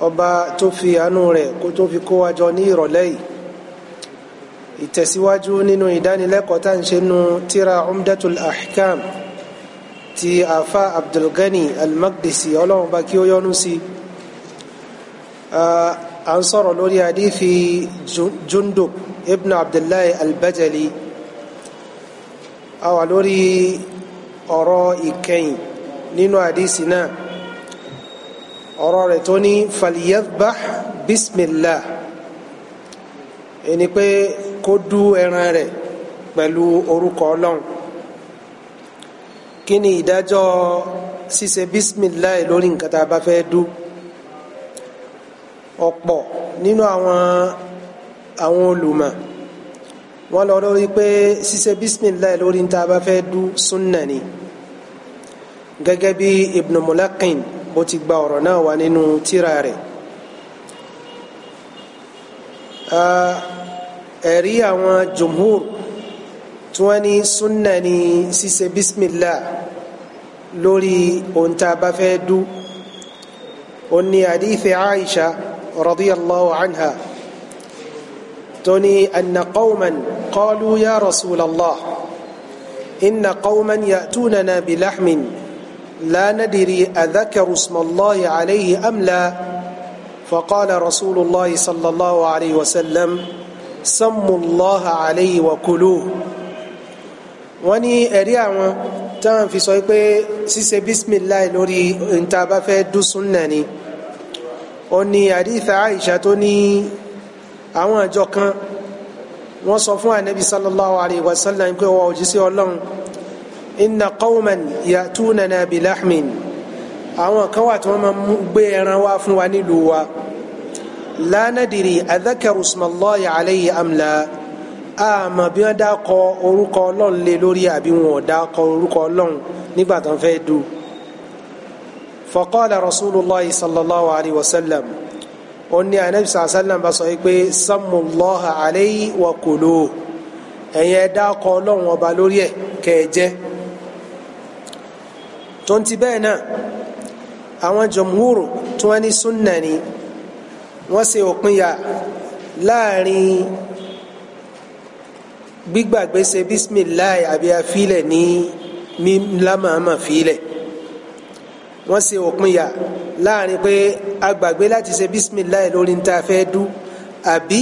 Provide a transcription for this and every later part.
ọba tó fi àánú rẹ̀ kó tó fi kó wa jọ ní ìrọ̀lẹ́ yìí ìtẹ̀síwájú nínú ìdánilẹ́kọ̀ọ́ tá à ń ṣe nu tíra umdatul ahkam ti afa abdulgani almaqdisi ọlọ́run bá kí ó yọ́nú sí à ń sọ̀rọ̀ lórí hadithi jundub ibn abdullahi albajali a wà lórí ọ̀rọ̀ ìkẹyìn nínú hadithi náà ọ̀rọ̀ rẹ̀ tó ní falyadbah bismillah ẹni pé kó dú ẹran rẹ̀ pẹ̀lú orúkọ ọlọ́run kí ni ìdájọ́ ṣíṣe bismillah lórí nǹkan tá a bá fẹ́ dú ọ̀pọ̀ nínú àwọn àwọn olùmọ̀ wọ́n lọ lórí pé ṣíṣe bisimilayi lórí níta bá fẹ́ du sunna ni gẹ́gẹ́ bí ibn mulakin bó ti gba ọ̀rọ̀ náà wá nínú tírà rẹ̀ ẹ̀rí àwọn jumhur tí wọ́n ní sunna ní ṣíṣe bísímìlá lórí ohun tá a bá fẹ́ dú ó ní àdífẹ́ Aisha radiyallahu anha tó ní anna qawman qalu rasulallah inna qawman ya'tunana bilahmin. لا ندري أذكر اسم الله عليه أم لا فقال رسول الله صلى الله عليه وسلم سموا الله عليه وكلوه wọ́n ní ẹ̀rí àwọn táwọn fi sọ pé ṣíṣe bísímìláì lórí níta bá fẹ́ dúsùn náà ni ó ní àdìsá àìsà tó ní àwọn àjọ kan wọ́n sọ fún ànábì sallallahu alayhi wa sallam pé wọ́n òjíṣẹ́ ọlọ́run inna qawman ya'tunana bilahmin àwọn kan wà tí wọ́n máa ń gbé ẹran wá fún wa nílùú wa la nadiri adhakaru ismallahi alayhi amla àmọ́ bí wọ́n dákọ orúkọ ọlọ́run lé lórí àbí wọn ò dákọ orúkọ ọlọ́run nígbà tó ń fẹ́ du faqala rasulullahi sallallahu alayhi wa sallam ó ní anabi sallallahu alayhi wa sallam bá sọ pé sammullaha alayhi wa kulu ẹ̀yin ẹ dákọ ọlọ́run ọba lórí ẹ̀ kẹ́ jẹ́ tó ń ti bẹ́ẹ̀ náà àwọn jọmúhùrù tí wọ́n ní súnà ni wọ́n ṣe òpinya láàrin gbígbàgbé ṣe bísímìláì àbí afílẹ̀ ní mílámàmà fílẹ̀ wọ́n ṣe òpinya láàrin pé agbàgbé láti ṣe bísímìláì lórí ń ta fẹ́ dú àbí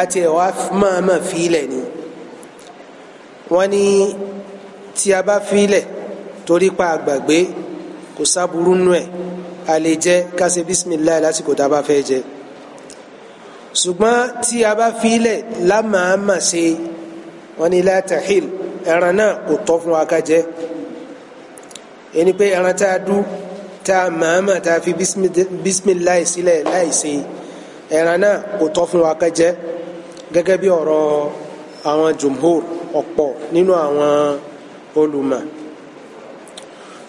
àti ẹ̀wà máàmà fílẹ̀ ni wọ́n ní tí a bá fílẹ̀ torí pa àgbàgbé kò sábúrú nù ẹ̀ a lè jẹ ká ṣe bisimilayi lásìkò tá a bá fẹ́ jẹ ṣùgbọ́n tí a bá filẹ̀ lámàámà ṣe wọ́n ní látàhìl ẹran náà kò tọ́ fún wa ká jẹ ẹni pé ẹran tá a dú tá a màámà tá a fi bisimilayi sílẹ̀ láì ẹran náà kò tọ́ fún wa ká jẹ gẹ́gẹ́ bí ọ̀rọ̀ àwọn jùmhur ọ̀pọ̀ nínú àwọn olùmọ̀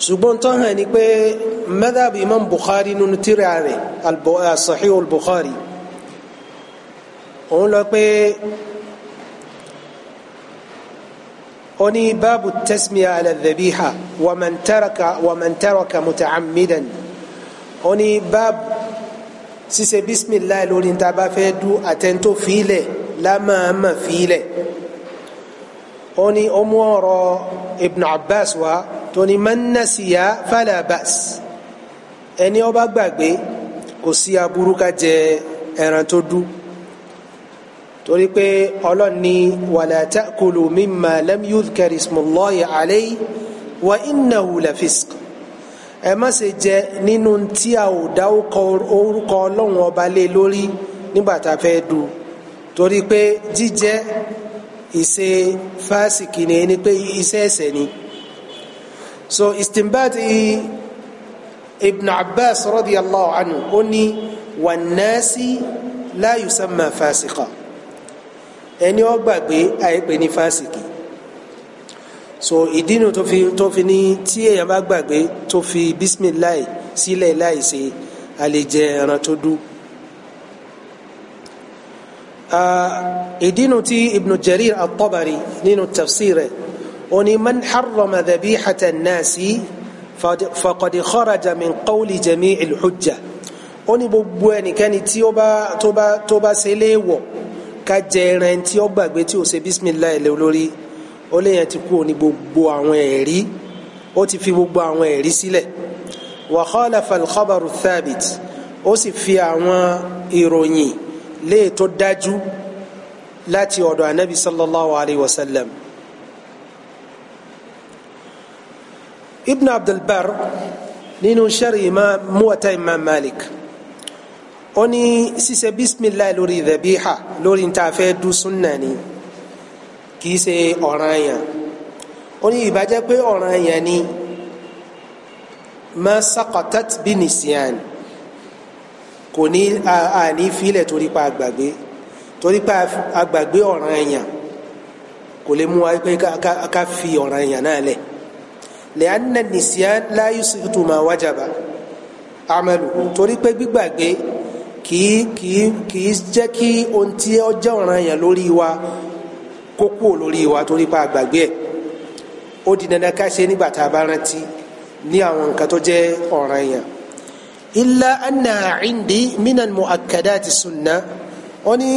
ṣùgbọ́n tó hàn ní pé madhab imam bukhari nínú tírà rẹ̀ eh, sahih al-bukhari òun lọ pé ó ní báàbù tasmiya ala dhabiha wa man taraka wa man taraka muta'ammidan ó ní báàbù ṣíṣe bisimilayi lórí ní bá fẹ́ du àtẹ̀ntò fílẹ̀ lámàmà fílẹ̀ ó ní ó mú ọ̀rọ̀ ibn abbas wa tó ní man nasiya fala ba's ẹni ó bá gbàgbé kò sí aburú ká jẹ ẹran tó dú torí pé ọlọ́run ní wala ta'kulu mimma lam yudhkar ismullahi alayhi wa innahu la fisq ẹ má ṣe jẹ nínú tí a ò dá orúkọ ọlọ́run ọba lé lórí nígbà fẹ́ du torí pé jíjẹ ìṣe fásìkì ni ẹni pé iṣẹ́ ẹ̀ṣẹ̀ ni so istinbat ibn abbas radiyallahu anhu ó ní wannasi la yusamma fasiqa ẹni ó gbàgbé àìpé ní fásìkì so ìdínú tó fi tó fi ní tí èèyàn bá gbàgbé tó fi bisimilayi sílẹ̀ láì ṣe àlejẹ ẹran tó dú. Ah, ìdínú tí ibn jarir at nínú tafsir rẹ̀ oni man harrama dhabihata nasi faqad kharaja min qawli jami'il hujja oni gbogbo ẹnikẹ́ni tí ó bá tó bá tó bá ṣe léèwọ̀ ká jẹ ẹran tí ó gbàgbé tí ó ṣe bisimilayi lé lórí ó lè yẹn ti kú òní gbogbo àwọn ẹ̀rí ó ti fi gbogbo àwọn ẹ̀rí sílẹ̀ wa khalafa thabit ó sì fi àwọn ìròyìn léè dájú láti ọ̀dọ̀ anabi sallallahu alayhi wa sallam. ibn abdulbar nínú sari imam muwata imam malik ó ní ṣíṣe bisimilayi lórí dhabiha lórí ntaafẹ́ du sunna ni kìí ṣe ọ̀ranyàn ó ní ìbàjẹ́ pé ọ̀ranyàn ni ma saqatat bi nisyan kò ní àní filẹ̀ torí pa àgbàgbé torí pa àgbàgbé ọ̀ranyàn kò lè mú wa pé ká fi ọ̀ranyàn náà lẹ̀. لأن النسيان لا يسقط ما وجب عمله torí pé gbígbàgbé kìí kìí kìí jẹ́ kí ohun tí ó jẹ́ ọ̀ranyàn lórí wa kó kúrò lórí wa torí pa àgbàgbé ẹ̀ ó di dandan ká ṣe nígbà tá a bá rántí ní àwọn nǹkan tó jẹ́ ọ̀ranyàn. illa anna indi minal mu'akkadati sunna ó ní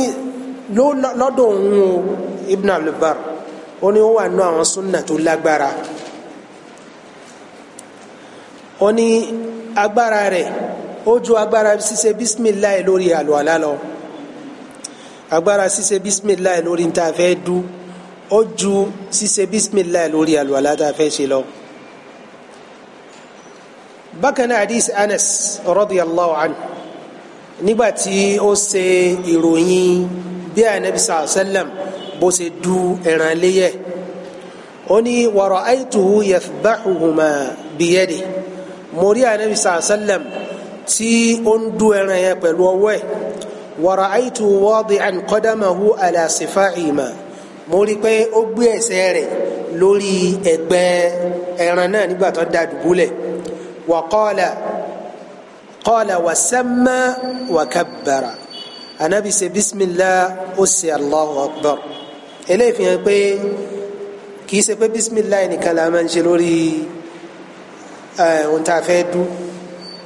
lọ́dọ̀ òun ibn abdulbar ó ní ó wà nù àwọn sunna tó lágbára ó ní agbára rẹ̀ ó ju agbára ṣíṣe bisimilayi lórí àlùwàlá lọ agbára ṣíṣe bisimilayi lórí tá a fẹ́ dú ó ju ṣíṣe bisimilayi lórí àlùwàlá tá a fẹ́ ṣe lọ. bákan náà hadith Anas radiyallahu anhu nígbà tí ó ṣe ìròyìn bí anabi sàlẹm bó ṣe dú ẹran léyẹ ó ní wa ra'aytuhu yathbahuhuma biyadihi mo rí anabi sàásálẹ̀m tí ó ń du ẹran yẹn pẹ̀lú ọwọ́ ẹ̀ wa ra'aytu wadi'an qadamahu ala sifa'i ma mo rí pé ó gbé ẹsẹ̀ rẹ̀ lórí ẹ̀gbẹ́ ẹran náà nígbà tó da dùbúlẹ̀ wa qala qala wa samma wa kabbara anabi ṣe bisimilah ó ṣe allahu akbar eléyìí fi hàn pé kì í ṣe pé bisimilah nìkan la máa Eh, ohun tá a fẹ́ dú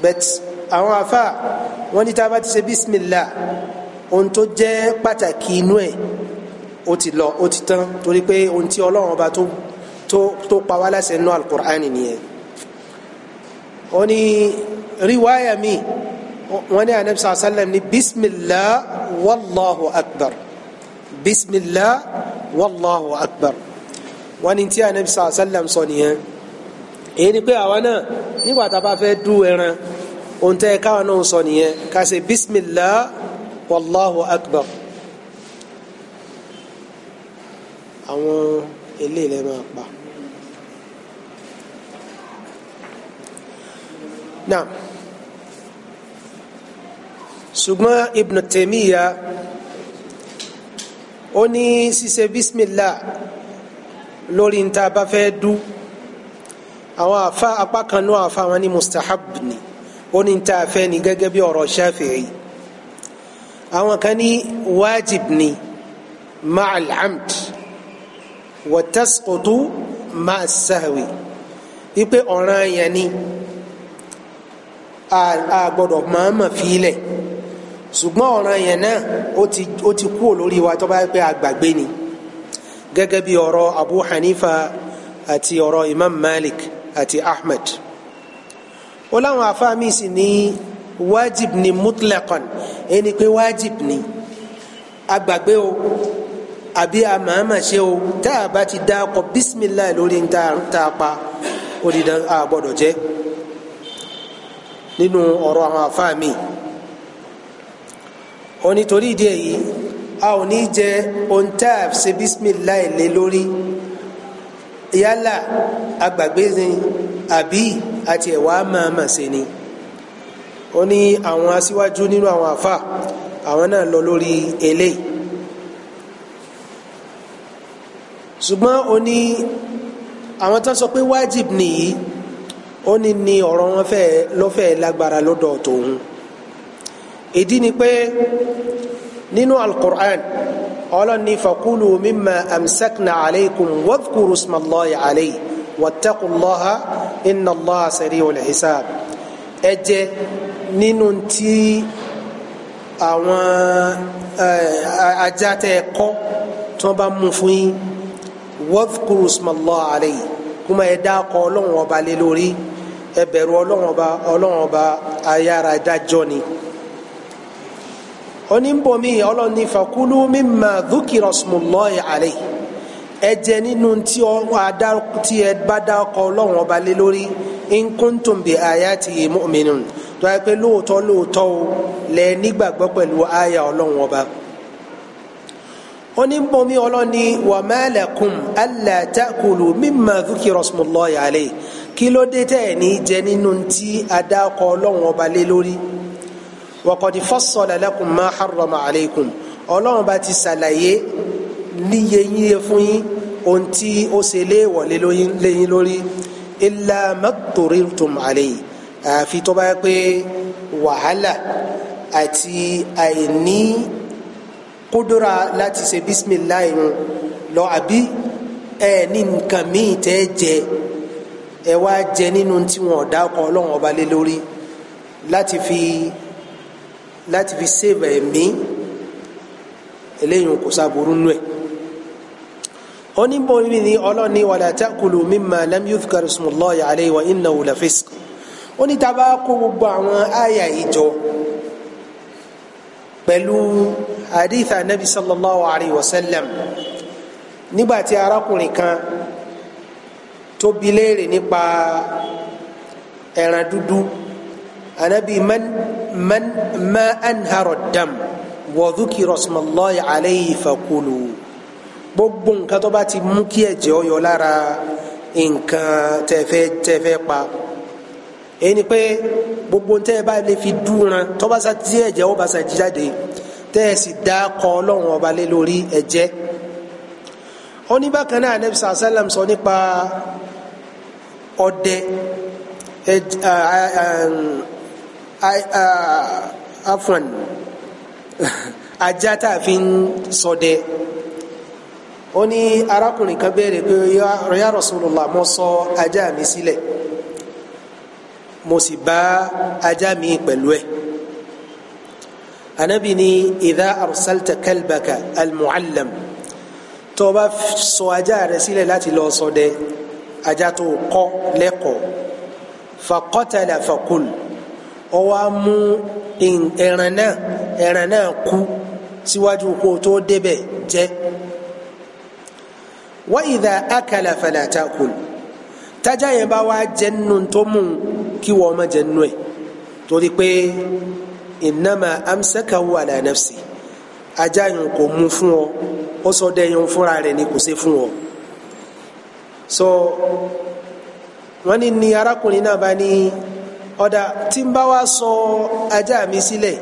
but àwọn afa wọ́n ní tá a bá ti ṣe bísímìlá ohun tó jẹ́ pàtàkì inú ẹ̀ ó ti lọ ó ti tán torí pé ohun tí ọlọ́run ọba tó tó tó pa wá láṣẹ nínú alukur'an nìyẹn ó ní riwaya mi wọ́n ní anabi sàlẹ̀ sàlẹ̀ ní bísímìlá wàlláhu akbar bísímìlá wàlláhu akbar wọ́n ní tí anabi sàlẹ̀ sàlẹ̀ sọ nìyẹn èyí ni pé àwa náà nígbà tá a bá fẹ́ dú ẹran ohun tẹ́ káwọn náà sọ nìyẹn ká ṣe bismillah wallahu akbar àwọn eléyìí lè máa pa. náà ṣùgbọ́n Ibn Taymiya ó ní ṣíṣe bismillah lórí níta bá fẹ́ dú àwọn afa apá kan náà afa wọn ní mustahab ni ó ní tá a fẹ́ ni gẹ́gẹ́ bí ọ̀rọ̀ Shafi'i àwọn kan ní wájib ni ma'al amd wa tasqutu ma'as sahwi wípé ọ̀ràn yẹn ni a gbọ́dọ̀ màmá fílẹ̀ ṣùgbọ́n ọ̀ràn yẹn náà ó ti kú lórí wa tó bá pẹ́ àgbàgbé ni gẹ́gẹ́ bí ọ̀rọ̀ Abu Hanifa àti ọ̀rọ̀ Imam Malik àti ahmed ó láwọn afáàmì sì ní wájib ni mutlaqan ẹni pé wájib ni agbàgbé o àbí àmàmà ṣe o tá a bá ti dáko bisimilayi lórí tá a pa ó di dán a gbọ́dọ̀ jẹ nínú ọ̀rọ̀ àwọn afáàmì ó ìdí èyí a ò ní jẹ ohun tá a ṣe bisimilayi lé lórí yálà agbàgbé ni àbí àti ẹ̀wà màmá ṣe ni ó ní àwọn aṣíwájú nínú àwọn àfà àwọn náà lọ lórí eléyìí ṣùgbọ́n ó ní àwọn tó sọ pé wájib nìyí ó ní ní ọ̀rọ̀ wọn fẹ́ lọ́fẹ̀ẹ́ lágbára lọ́dọ̀ tòun ìdí ni pé nínú alukur'an ọlọ́ni fakulu mimma amsakna alaykum wadhkuru smallahi alayhi wattaqullaha inna allaha sari'ul hisab ẹ jẹ nínú tí àwọn eh, ajá tẹ kọ́ tí wọ́n bá mú fún yín wadhkuru smallahi alayhi kuma ẹ dá kọ ọlọ́run ọba lé ayára dájọ́ ni oníbomi ọlọ́run ní fakulu mimma dhukira ismullahi alayhi ẹ jẹ nínú tí ẹ bá dá ọkọ ọlọ́run ọba lé lórí in kuntum bi ayatihi mu'minun tó yẹ pé lóòótọ́ lóòótọ́ o lẹ nígbàgbọ́ pẹ̀lú àyà ọlọ́run ọba oníbomi ọlọ́run ní wa ma lakum ta'kulu mimma dhukira ismullahi alayhi kí ló dé jẹ nínú tí a ọkọ ọlọ́run ọba lé lórí waqad fassala lakum ma harrama alaykum ọlọ́run bá ti ṣàlàyé níye yíye fún yín ohun tí ó ṣe léèwọ̀ léyìn lórí illa matturirtum alayhi àfi tó bá yẹ pé wàhálà àti àìní kúdúrà láti ṣe bísímìláì ń lọ àbí ẹ ní nǹkan míì tẹ́ jẹ ẹ wá jẹ nínú tí wọn ò dákọ ọlọ́run ọba lé lórí fi láti fi sèbà ẹ̀mí eléyìí kò sábòrú nù ẹ̀ oníbòmí ni ọlọ́ni wala ta'kulu mimma lam yudhkar ismullahi alayhi wa innahu la fisq ó ní tá a bá kó gbogbo àwọn àyà ìjọ pẹ̀lú hadith anabi sallallahu alayhi wa sallam nígbàtí arákùnrin kan tó bi léèrè nípa ẹran dúdú anabi man man ma anharo dam wọ́dúkì rọ̀sùmọ̀lọ́yà alayhi fakulu gbogbo nǹkan tó bá ti mú kí ẹ̀jẹ̀ ó yọ lára nǹkan tẹ́fẹ́ tẹ́fẹ́ pa èyí ni pé gbogbo tẹ́ ẹ bá lè fi dúran tó bá sa tí ẹ̀jẹ̀ ó bá sa jáde tẹ́ dá kọ ọlọ́run ọba lé lórí ẹ̀jẹ̀ ó náà anabi sàlám sọ nípa ọdẹ afran uh, ajá tá a fi ń ṣọdẹ ó ní arákùnrin kan béèrè pé ya Rasulullah mo sọ ajá mi sílẹ̀ mo sì bá ajá mi pẹ̀lú ẹ̀ anabi ni idha arsalta kalbaka almuallam tó o bá sọ ajá rẹ sílẹ̀ láti lọ ṣọdẹ ajá tó kọ́ lẹ́kọ̀ọ́ faqatala faqul ó wá mú ẹran náà ẹran náà kú síwájú kó tó débẹ̀ jẹ wa idha akala fala ta'kul tájà yẹn bá wá jẹ nínú tó mú kí wọ́n má jẹ nínú ẹ̀ torí pé innama amsakahu ala nafsi ajá yẹn kò mú fún ọ ó sọ dẹyìn fúnra rẹ̀ ni kò ṣe fún ọ so wọ́n ní ni arákùnrin náà bá ní ọ̀dà tí n bá wá sọ ajá mi sílẹ̀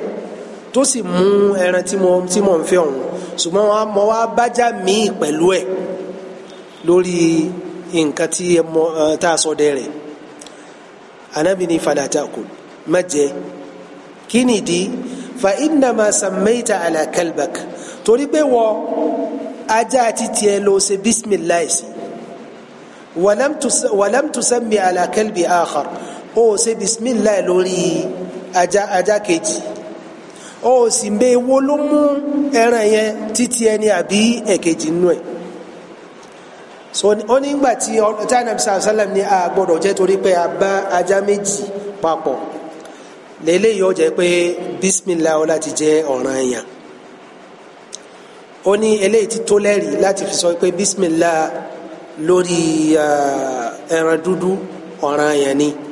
tó sì mú ẹran tí mo tí mo ń fẹ́ ọ̀hún ṣùgbọ́n mo wá bájá mi pẹ̀lú ẹ̀ lórí nǹkan tí ẹ mọ tá a sọ dẹ rẹ̀ anabi ni fàdàtà kò má jẹ kí nìdí fa innama sammayta ala kalbak torí pé wọ ajá àti tiẹ̀ ló ṣe bisimilayi sí walam tusammi ala kalbi o ò ṣe bisimilayi lórí ajá ajá kejì o ò sì mbẹ wo ló mú ẹran yẹn títí ẹni àbí ẹ̀kejì nù ẹ̀ so ó ní ìgbà tí tánàbí Ni ní a gbọ́dọ̀ jẹ́ torí pé a bá ajá méjì papọ̀ lélẹ́yìí ó jẹ́ pé bisimilayi láti jẹ́ ọ̀ràn yẹn ó ní eléyìí ti tó lẹ́rìí láti fi sọ pé bisimilayi lórí ah, ẹran dúdú ọ̀ràn yẹn ni. Uh,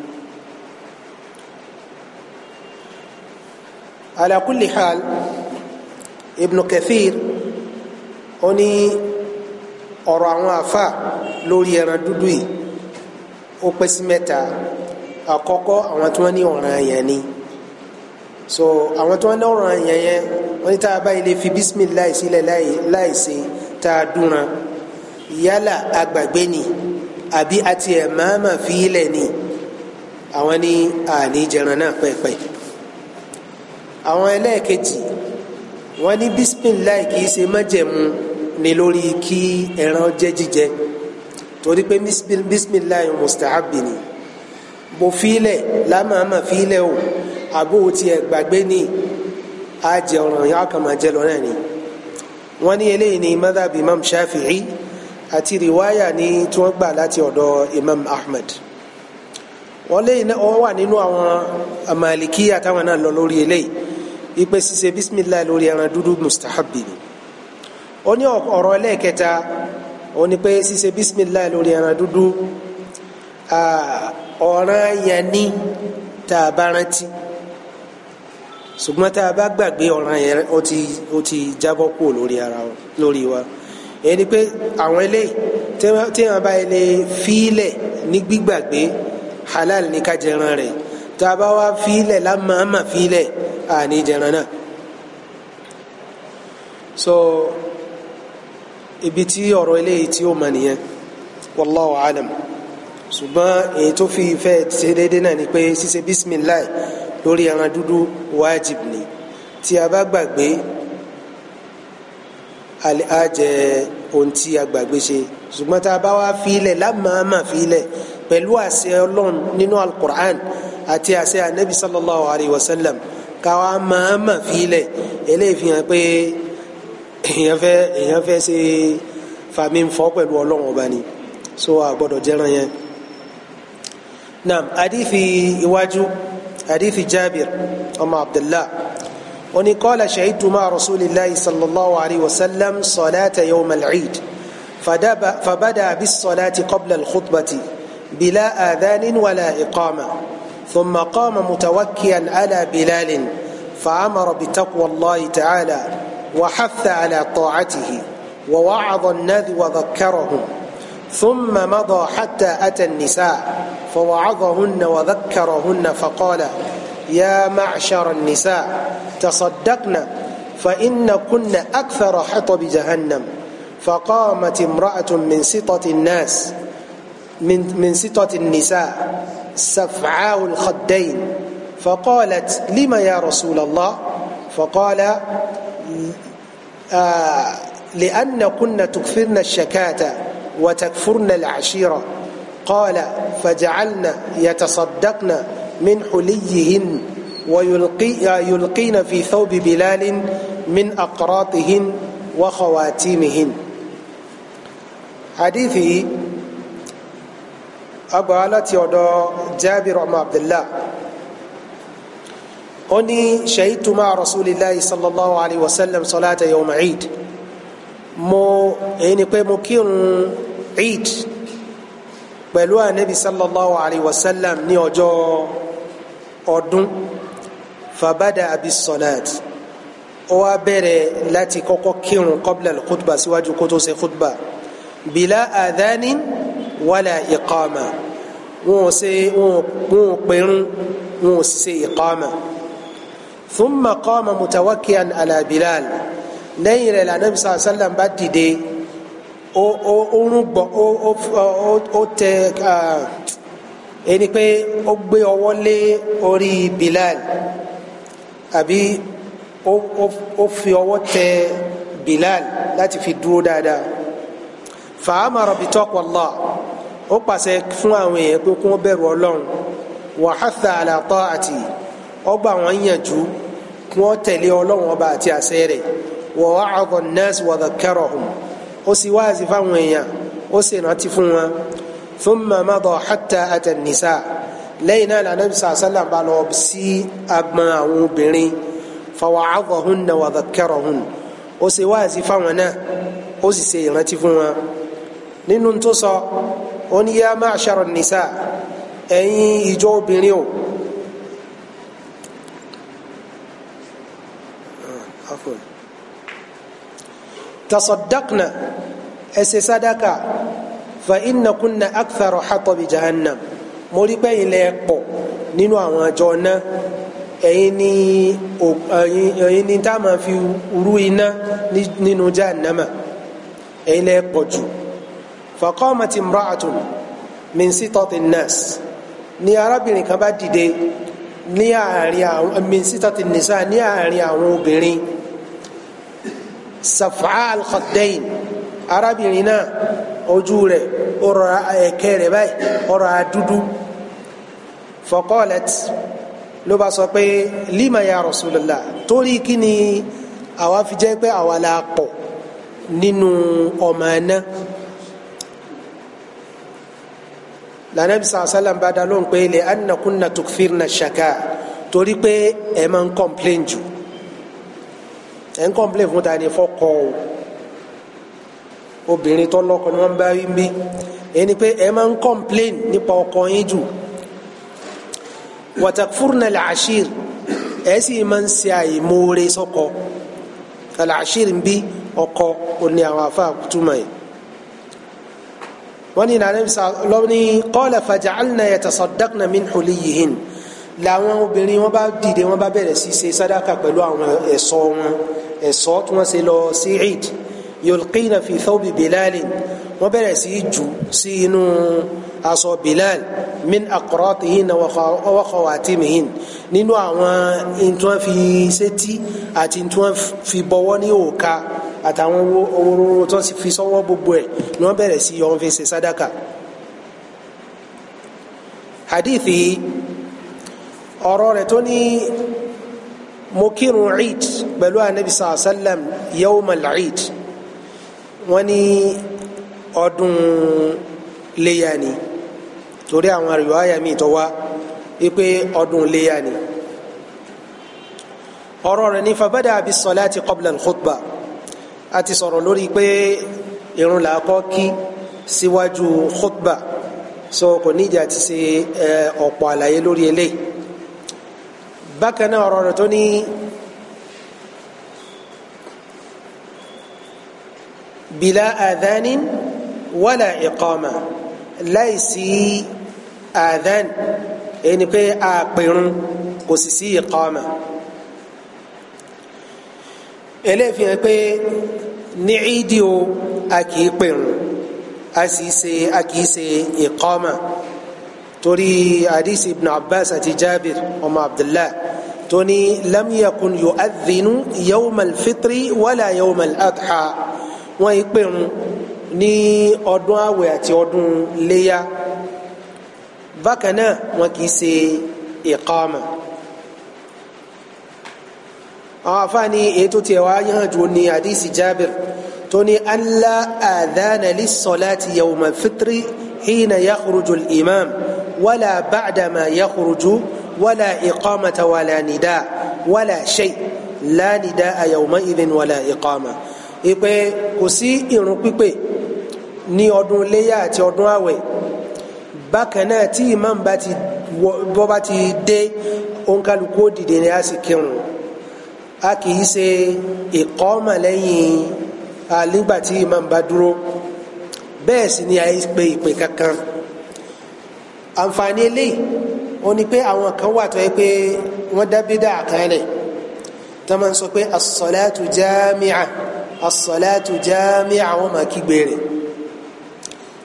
ala kulli hal ibn kathir ó ní ọ̀rọ̀ àwọn afa lórí ẹran dúdú yìí ó pẹ́ sí mẹ́ta àkọ́kọ́ àwọn tí wọ́n ní ọ̀ràn yẹn ni so àwọn tí wọ́n ní ọ̀ràn yẹn yẹn wọ́n ní tá a bá ilé fi bisimilayi sílẹ̀ láìsí tá a dúnran yálà agbàgbé ni àbí àti ẹ̀ máa ma fi ilẹ̀ ni àwọn ní àní jẹran náà pẹ́ẹ́pẹ́ẹ́ àwọn ẹlẹ́ẹ̀kejì wọ́n ní bisimilayi kìí ṣe májẹ̀mú ni lórí kí ẹran jẹ́ jíjẹ torí pé bisimilayi mustahabi ni bó fílẹ̀ lámàmà fílẹ̀ o àbó tiẹ̀ gbàgbé ni a jẹ ọ̀ràn yà kàn máa jẹ lọ náà ni wọ́n ní eléyìí ní madhabi imam shafi'i àti riwaya ni tí wọ́n gbà láti ọ̀dọ̀ imam ahmed wọ́n lẹ́yìn náà wọ́n wà nínú àwọn amalikiya táwọn náà lọ lórí eléyìí ipe ṣíṣe bisimilah lórí ẹran dúdú mustahabi ni ó ní ọ̀rọ̀ ẹlẹ́ẹ̀kẹta ó ní pé ṣíṣe bisimilah lórí ẹran dúdú ọ̀ràn yẹn ní tá a bá rántí ṣùgbọ́n tá a bá gbàgbé ọ̀ràn yẹn ó ti ó ti jábọ́ kúrò lórí ara lórí wa ẹni pé àwọn eléyìí tí wọn bá ilé fílẹ̀ ní gbígbàgbé halal ní ká rẹ̀ tàbá wa filẹ̀ lámàmà filẹ̀ àní jẹran so ibi tí ọ̀rọ̀ eléyìí tí ó mọ nìyẹn wallahu alam ṣùgbọ́n èyí tó fi ìfẹ́ ṣe déédéé náà ni pé ṣíṣe bisimilayi lórí ẹran dúdú wájib ni tí a bá gbàgbé a jẹ ohun tí a gbàgbé ṣe ṣùgbọ́n tá a bá wá filẹ̀ lámàmà filẹ̀ pẹ̀lú àṣẹ ọlọ́run nínú alukur'an àti àṣẹ anabi sallallahu alayhi wa sallam káwa máa ma fi lẹ̀ eléyìí fi hàn pé èèyàn fẹ́ èèyàn fẹ́ ṣe fàmí fọ́ pẹ̀lú ọlọ́run ọba ni so a gbọ́dọ̀ jẹ́ran yẹn. naam hadithi iwájú hadithi jabir ọmọ abdullah oni qala shahidtu ma rasulillahi sallallahu alayhi wa sallam salata yawm al-eid fabada bis qabla al bila adhanin wala iqama. ثم قام متوكيا على بلال فامر بتقوى الله تعالى وحث على طاعته ووعظ النذ وذكرهم ثم مضى حتى اتى النساء فوعظهن وذكرهن فقال يا معشر النساء تصدقنا فان كن اكثر حطب جهنم فقامت امراه من سطه الناس من من سطه النساء سفعاء الخدين فقالت لم يا رسول الله فقال آه، لأن كنا تكفرن الشكاة وتكفرن العشيرة قال فجعلنا يتصدقن من حليهن ويلقين يلقين في ثوب بلال من أقراطهن وخواتيمهن حديثه agba láti ọ̀dọ̀ jabir ọmọ abdullah ó ní shahidtu ma rasulillahi sallallahu alayhi wa sallam salata yawm eid mo èyí ni pé mo kírun eid pẹ̀lú anabi sallallahu alayhi wa sallam ní ọjọ́ ọdún fabada abi salat ó wá bẹ̀rẹ̀ láti kọ́kọ́ kírun qabla al-khutba síwájú kó tó bila adhanin wala iqama wọn ò ṣe wọn ò pẹ̀rún wọn ò sì ṣe iqama thumma qama mutawakian ala bilal lẹ́yìn rẹ̀ la nabi sallallahu alayhi wa sallam bá dìde ó ó orun gbọ ó ó ó tẹ ẹni pé ó gbé ọwọ́ lé orí bilal àbí ó fi ọwọ́ tẹ bilal láti fi dúró dáadáa fa amara bi taqwa ó pàṣẹ fún àwọn èèyàn pé O bẹ̀rù ọlọ́run wa hatha ala ta'ati ọgbà wọn yànjú kí wọ́n tẹ̀lé ọlọ́run ọba àti àṣẹ rẹ̀ wa wa'adha an-nas wa dhakkarahum ó sì wáàsí fáwọn èèyàn ó sì rántí fún wọn thumma madha hatta nisa lẹ́yìn náà lànàbí sàásálà bá lọ sí agbọn àwọn obìnrin fa ó sì fáwọn náà ó sì ṣe ìrántí fún wọn nínú tó sọ. So, ó ní yá ma'shara nìsà ẹ̀yin ìjọ obìnrin o tasaddaqna ẹ ṣe sadaka fa inna kunna akthara hatabi jahannam mo rí pé yín lẹ pọ̀ nínú àwọn àjọ náà ẹ̀yin ni ẹ̀yin ni tá fi rú iná nínú jahannama ẹ̀yin lẹ pọ̀ jù faqamat imra'atun min sitati nnas ni arábìnrin kan bá dìde ní àárín àwọn min sitati nisa ní àárín àwọn obìnrin safa'a al-khaddayn arábìnrin náà ojú rẹ̀ ọ̀rọ̀ ẹ̀kẹ́ rẹ̀ báyìí ọ̀rọ̀ àdúdú faqalat ló bá sọ pé lima ya rasulullah torí kí ni àwa fi jẹ́ pé àwa la pọ̀ nínú ọmọ náà. lànàbí sàlám bá dá lóhùn pé lè anakunna tukfirna shaka torí pé ẹ máa ń kọ́mplain jù ẹ ń kọ́mplain fún tani fọ́kọ o obìnrin tó lọ́kọ ni wọ́n bá rí mi ẹni pé ẹ máa ń kọ́mplain nípa ọkọ yín jù watakfurna làṣír ẹ sì máa ń ṣe àìmoore sọ́kọ làṣír ń bí ọkọ òní àwọn afáàkútùmọ̀ yìí wọ́n ní nàní lọ́ní qala faja'alna yatasaddaqna min huliyihin làwọn obìnrin wọn bá dìde wọn bá bẹ̀rẹ̀ sí ṣe sádàkà pẹ̀lú àwọn ẹ̀ṣọ́ wọn ẹ̀ṣọ́ tí wọ́n ṣe lọ sí eid yulqina fi thawbi bilal wọ́n bẹ̀rẹ̀ sí jù sí inú aṣọ bilal min aqratihin wa khawatimihin nínú àwọn ntúwọ́n fi ṣetí àti ntúwọ́n fi bọ́wọ́ ní òòka àtàwọn owó rúru tó fi sọ́wọ́ gbogbo ẹ̀ ni wọ́n bẹ̀rẹ̀ sí yọ wọn fi ṣe sádàkà hadithi ọ̀rọ̀ rẹ̀ tó ní mo kírun eid pẹ̀lú anabi sallam yawmal eid wọ́n ní ọdún léya ni torí àwọn àríwáyà míì tó wá wípé ọdún léya ni ọ̀rọ̀ rẹ̀ ní fabada bis salati qabla al-khutbah a ti sọ̀rọ̀ lórí pé irun là á kọ́ kí síwájú khutba so kò nídìí àti ṣe ọ̀pọ̀ àlàyé lórí eléyìí bákan náà ọ̀rọ̀ rẹ̀ tó ní. بلا آذان ولا إقامة ليس آذان يعني بي آقرن قسسي إقامة ẹlẹ́fin hàn pé ní ìdí o a kì í pèrún a sì ṣe a kì í ṣe ìkọ́mà torí hadith ibn abbas àti jabir ọmọ abdullah tó ní lam yakun yu'adhdhinu yawmal fitri wala yawmal adha wọn yìí pèrún ní ọdún àwẹ̀ àti ọdún léyà bákan náà wọn kì ṣe ìkọ́mà àwọn afáàní ètò tiẹ̀ wá yàn jù ní àdìsí jábìr tó ní alla adhana lissolati yawma fitri hina yakhruju imam wala ba'dama yakhruju wala iqamata wala nida wala shay la nida yawma idhin wala iqama ìpè kò sí ìrun pípè ní ọdún léyà àti ọdún àwẹ̀ bákan náà tí imam bá ti dé òǹkàlùkù ó dìde ní àsìkírun a kì í ṣe ìkọ́mà lẹ́yìn nígbà tí imam bá dúró bẹ́ẹ̀ sì ni àyè pé ìpè kankan àǹfààní eléyìí ó ní pé àwọn kan wà tó yẹ pé wọ́n dá bídà àkàlẹ̀ tó máa ń sọ pé as-salatu jami'a as-salatu máa kígbe rẹ̀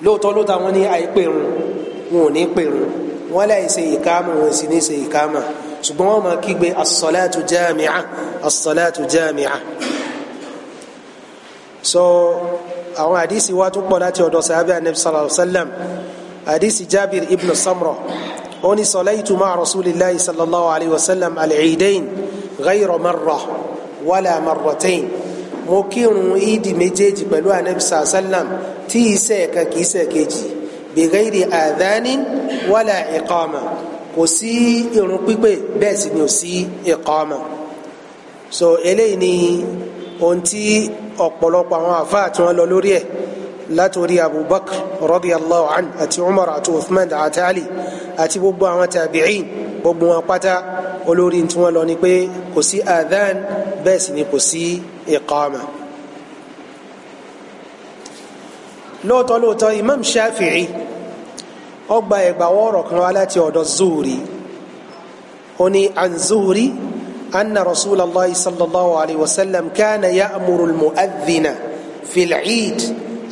lóòótọ́ lóòótọ́ àwọn ní àìpèrún wọn ò ní pèrún wọn láì ṣe ìkámà wọn sì ní ṣe ìkámà ṣùgbọ́n wọ́n máa kígbe as-salatu jami'a as so àwọn àdìsí wa tún pọ̀ láti ọ̀dọ̀ sàbẹ̀ anabi sallallahu alayhi wa sallam àdìsí jabir ibn samra ó ní salaitu ma'a rasulillahi sallallahu alayhi wa sallam al-eidain ghayra marra wala marratain mo kírun ìdí méjèèjì pẹ̀lú anabi sallallahu alayhi wa sallam tí ìṣe kan kì í ṣe kejì bi ghayri adhanin wala iqama kò sí irun pípé bẹ́ẹ̀ sì ni ò sí ìkọ́mọ so eléyìí ni ohun tí ọ̀pọ̀lọpọ̀ àwọn àfáà tí wọ́n lọ lórí ẹ̀ látòrí abubakar radiyallahu an àti umar àti uthman àti ali àti gbogbo àwọn tabi'in gbogbo wọn pátá olórí tí wọ́n lọ ni pé kò sí adhan bẹ́ẹ̀ sì ni kò sí ìkọ́mọ. lóòótọ́ lóòótọ́ imam shafi'i ọgbà ẹgbà wọ́ọ̀rọ̀ kan wá láti ọ̀dọ̀ zuhuri ó ní an zuhuri anna rasulallah sallallahu alayhi wa sallam kana ya'muru al-mu'adhdhina fil 'eid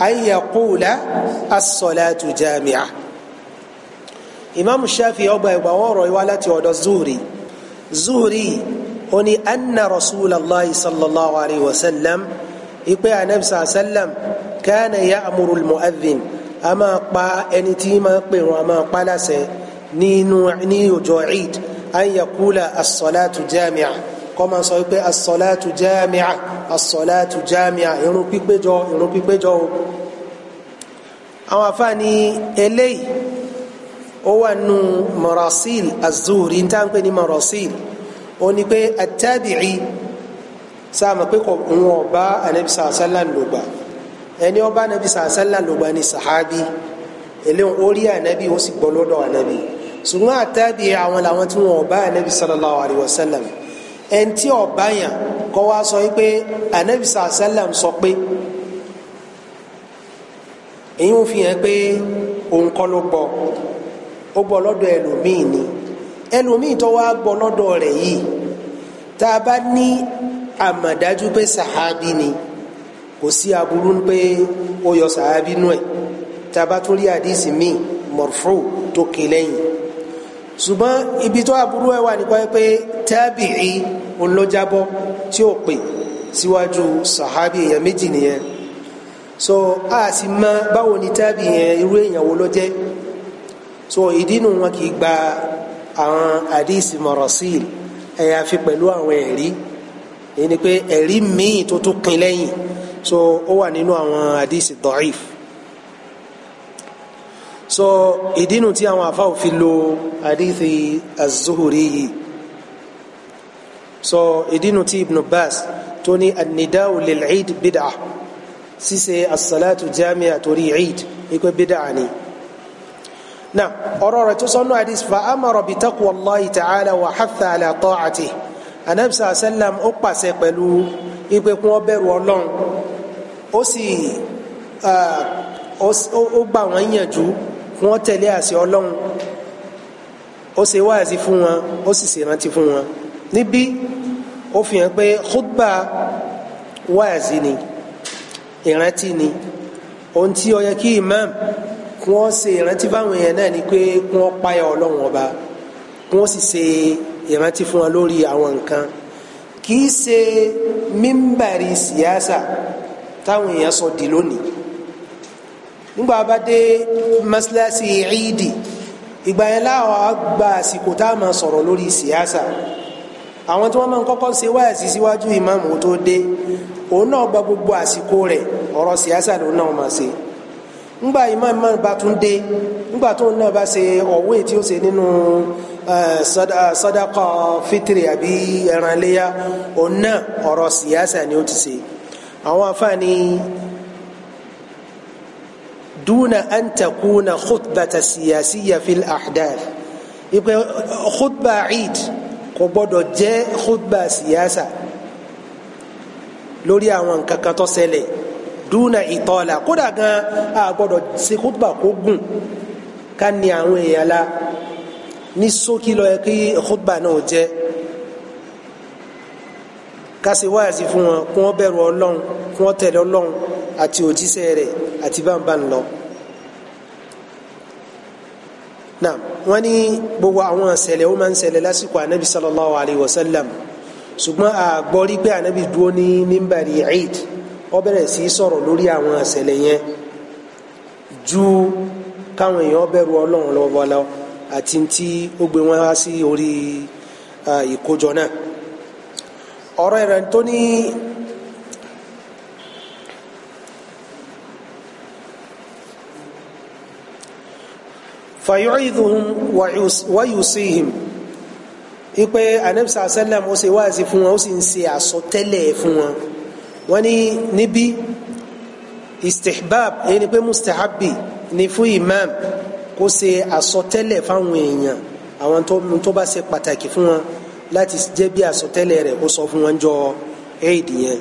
an yaqula as-salatu jami'ah imam shafi ọgbà ẹgbà wọ́ọ̀rọ̀ wá láti ọ̀dọ̀ zuhuri zuhuri ó ní anna rasulallah sallallahu alayhi wa sallam ipe anabi sallam kana ya'muru al-mu'adhdhin a máa pa ẹni tí máa pèrún a máa pa láṣẹ nínú ní ọjọ́ eid an yakula asọ́látù jámíà kọ́ máa sọ pé asọ́látù jámíà asọ́látù jámíà irun pípéjọ irun pípéjọ o àwọn afáàní eléyìí ó wà nù marasil azuri n táwọn pè ní marasil ó ní pé atabi'i sáà mọ̀ pé kò ń wọ̀ bá anabi sàlám ló ẹni ó bá anabi sàásálà ló gba ni sàhábì eléwọn ó rí anabi ó sì gbọ́ lọ́dọ̀ anabi ṣùgbọ́n àtàbí àwọn làwọn tí wọn ò bá anabi sallallahu alayhi wa sallam ẹni tí ó bá yàn kọ́ wa sọ pé anabi sàásálà sọ pé èyí ń fi hàn pé òun kọ́ ló gbọ́ ó gbọ́ lọ́dọ̀ ẹlòmíì ni ẹlòmíì tó wá gbọ́ lọ́dọ̀ rẹ̀ yìí tá a bá ní àmọ̀dájú pé sàhábì ni kò sí aburú pé ó yọ sàábí nú ẹ̀ tabatuli àdìsí mi mọ̀rọ̀fù tó ké lẹ́yìn ṣùgbọ́n ibi tó aburú ẹ̀ wà nípa pé tábìrì olójábọ́ tí ó pè síwájú sàábí èèyàn méjì nìyẹn so a sì mọ báwo ni tábì yẹn irú èèyàn wo ló jẹ́ so ìdínú wọn kì í gba àwọn àdìsí mọ̀rọ̀síl ẹ̀yà fi pẹ̀lú àwọn ẹ̀rí èyí ni pé ẹ̀rí míì tó tún pin lẹ́yìn so ó wà nínú àwọn àdìsí da'if so ìdínú tí àwọn afa òfin lo àdìsí az yìí so ìdínú tí Ibn Bas tó ní an-nida'u lil-'id bid'ah ṣíṣe as-salatu jami'a torí 'id ikú bid'ah ni. نعم أرورة تصنع حديث فأمر بتقوى الله تعالى وحث على طاعته النبي صلى الله عليه وسلم أقبى سيقبلوا يبقى بير ولون ó sì ó gbà wọ́n yànjú wọ́n tẹ̀lé àṣẹ ọlọ́run ó ṣe wáàsí fún wọn ó sì ṣèrántí fún wọn níbí ó fi hàn pé khutba wáàsí ni ìrántí ni ohun tí ó yẹ kí imam kí wọ́n ṣe ìrántí fáwọn èèyàn náà ni pé kí wọ́n páyà ọlọ́run ọba kí wọ́n sì ṣe ìrántí fún wọn lórí àwọn nǹkan kì í ṣe mímbàrí síyáṣà táwọn èèyàn sọ di lónìí nígbà bá dé mọ́sálásí ìdí ìgbà yẹn láwọn àgbà àsìkò tá a máa sọ̀rọ̀ lórí sìyásà àwọn tí wọ́n máa ń kọ́kọ́ ṣe wáyàsí síwájú ìmáàmù tó dé òun náà gba gbogbo àsìkò rẹ̀ ọ̀rọ̀ sìyásà lòun náà máa ṣe ńgbà ìmáàmù máa bá tún dé ńgbà tóun náà bá ṣe ọ̀wé tí ó ṣe nínú sàdákà fitiri àbí ẹran léyà òun náà ọ̀rọ̀ sìyásà ni ó ti ṣe àwọn afáàní dúnà àǹtakùnà khutbata siyasiya fil ahdath ipe khutba eid kò gbọdọ̀ jẹ́ khutba siyasa lórí àwọn nǹkan kan tó ṣẹlẹ̀ dúnà ìtọ́lá kódà gan a gbọdọ̀ ṣe khutba kó gùn ká ní àwọn èèyàn la ní ṣókí ló yẹ kí khutba náà jẹ́ kásì wáyàsí fún wọn kí wọ́n bẹ̀rù ọlọ́run kí wọ́n tẹ̀lé ọlọ́run àti òjíṣẹ́ rẹ̀ àti báńbá ń lọ. na wọ́n ní gbogbo àwọn ìṣẹ̀lẹ̀ ó máa ń ṣẹlẹ̀ lásìkò anabi sallallahu alayhi wa sallam ṣùgbọ́n àgbọ́rí pé anabi dúró ní mímbàrí eid ó bẹ̀rẹ̀ sí í lórí àwọn ìṣẹ̀lẹ̀ yẹn ju káwọn èèyàn bẹ̀rù ọlọ́run lọ́wọ́lọ́wọ́ àti tí ó gbé wọn wá sí orí ìkójọ náà ọ̀rọ̀ ẹ̀rẹ̀ tó ní fàyọ́ìdùn wáyùsíhìm wípé anẹ́bísà sẹ́lẹ̀m ó ṣe wáàsí fún wọn ó sì ń ṣe àsọtẹ́lẹ̀ fún wọn wọ́n ní níbí istihbab èyí ni pé mustahabi ni fún imam kó ṣe àsọtẹ́lẹ̀ fáwọn èèyàn àwọn tó bá ṣe pàtàkì fún wọn láti jẹ́ bí àsọtẹ́lẹ̀ rẹ̀ ó sọ fún wọn jọ éèdì yẹn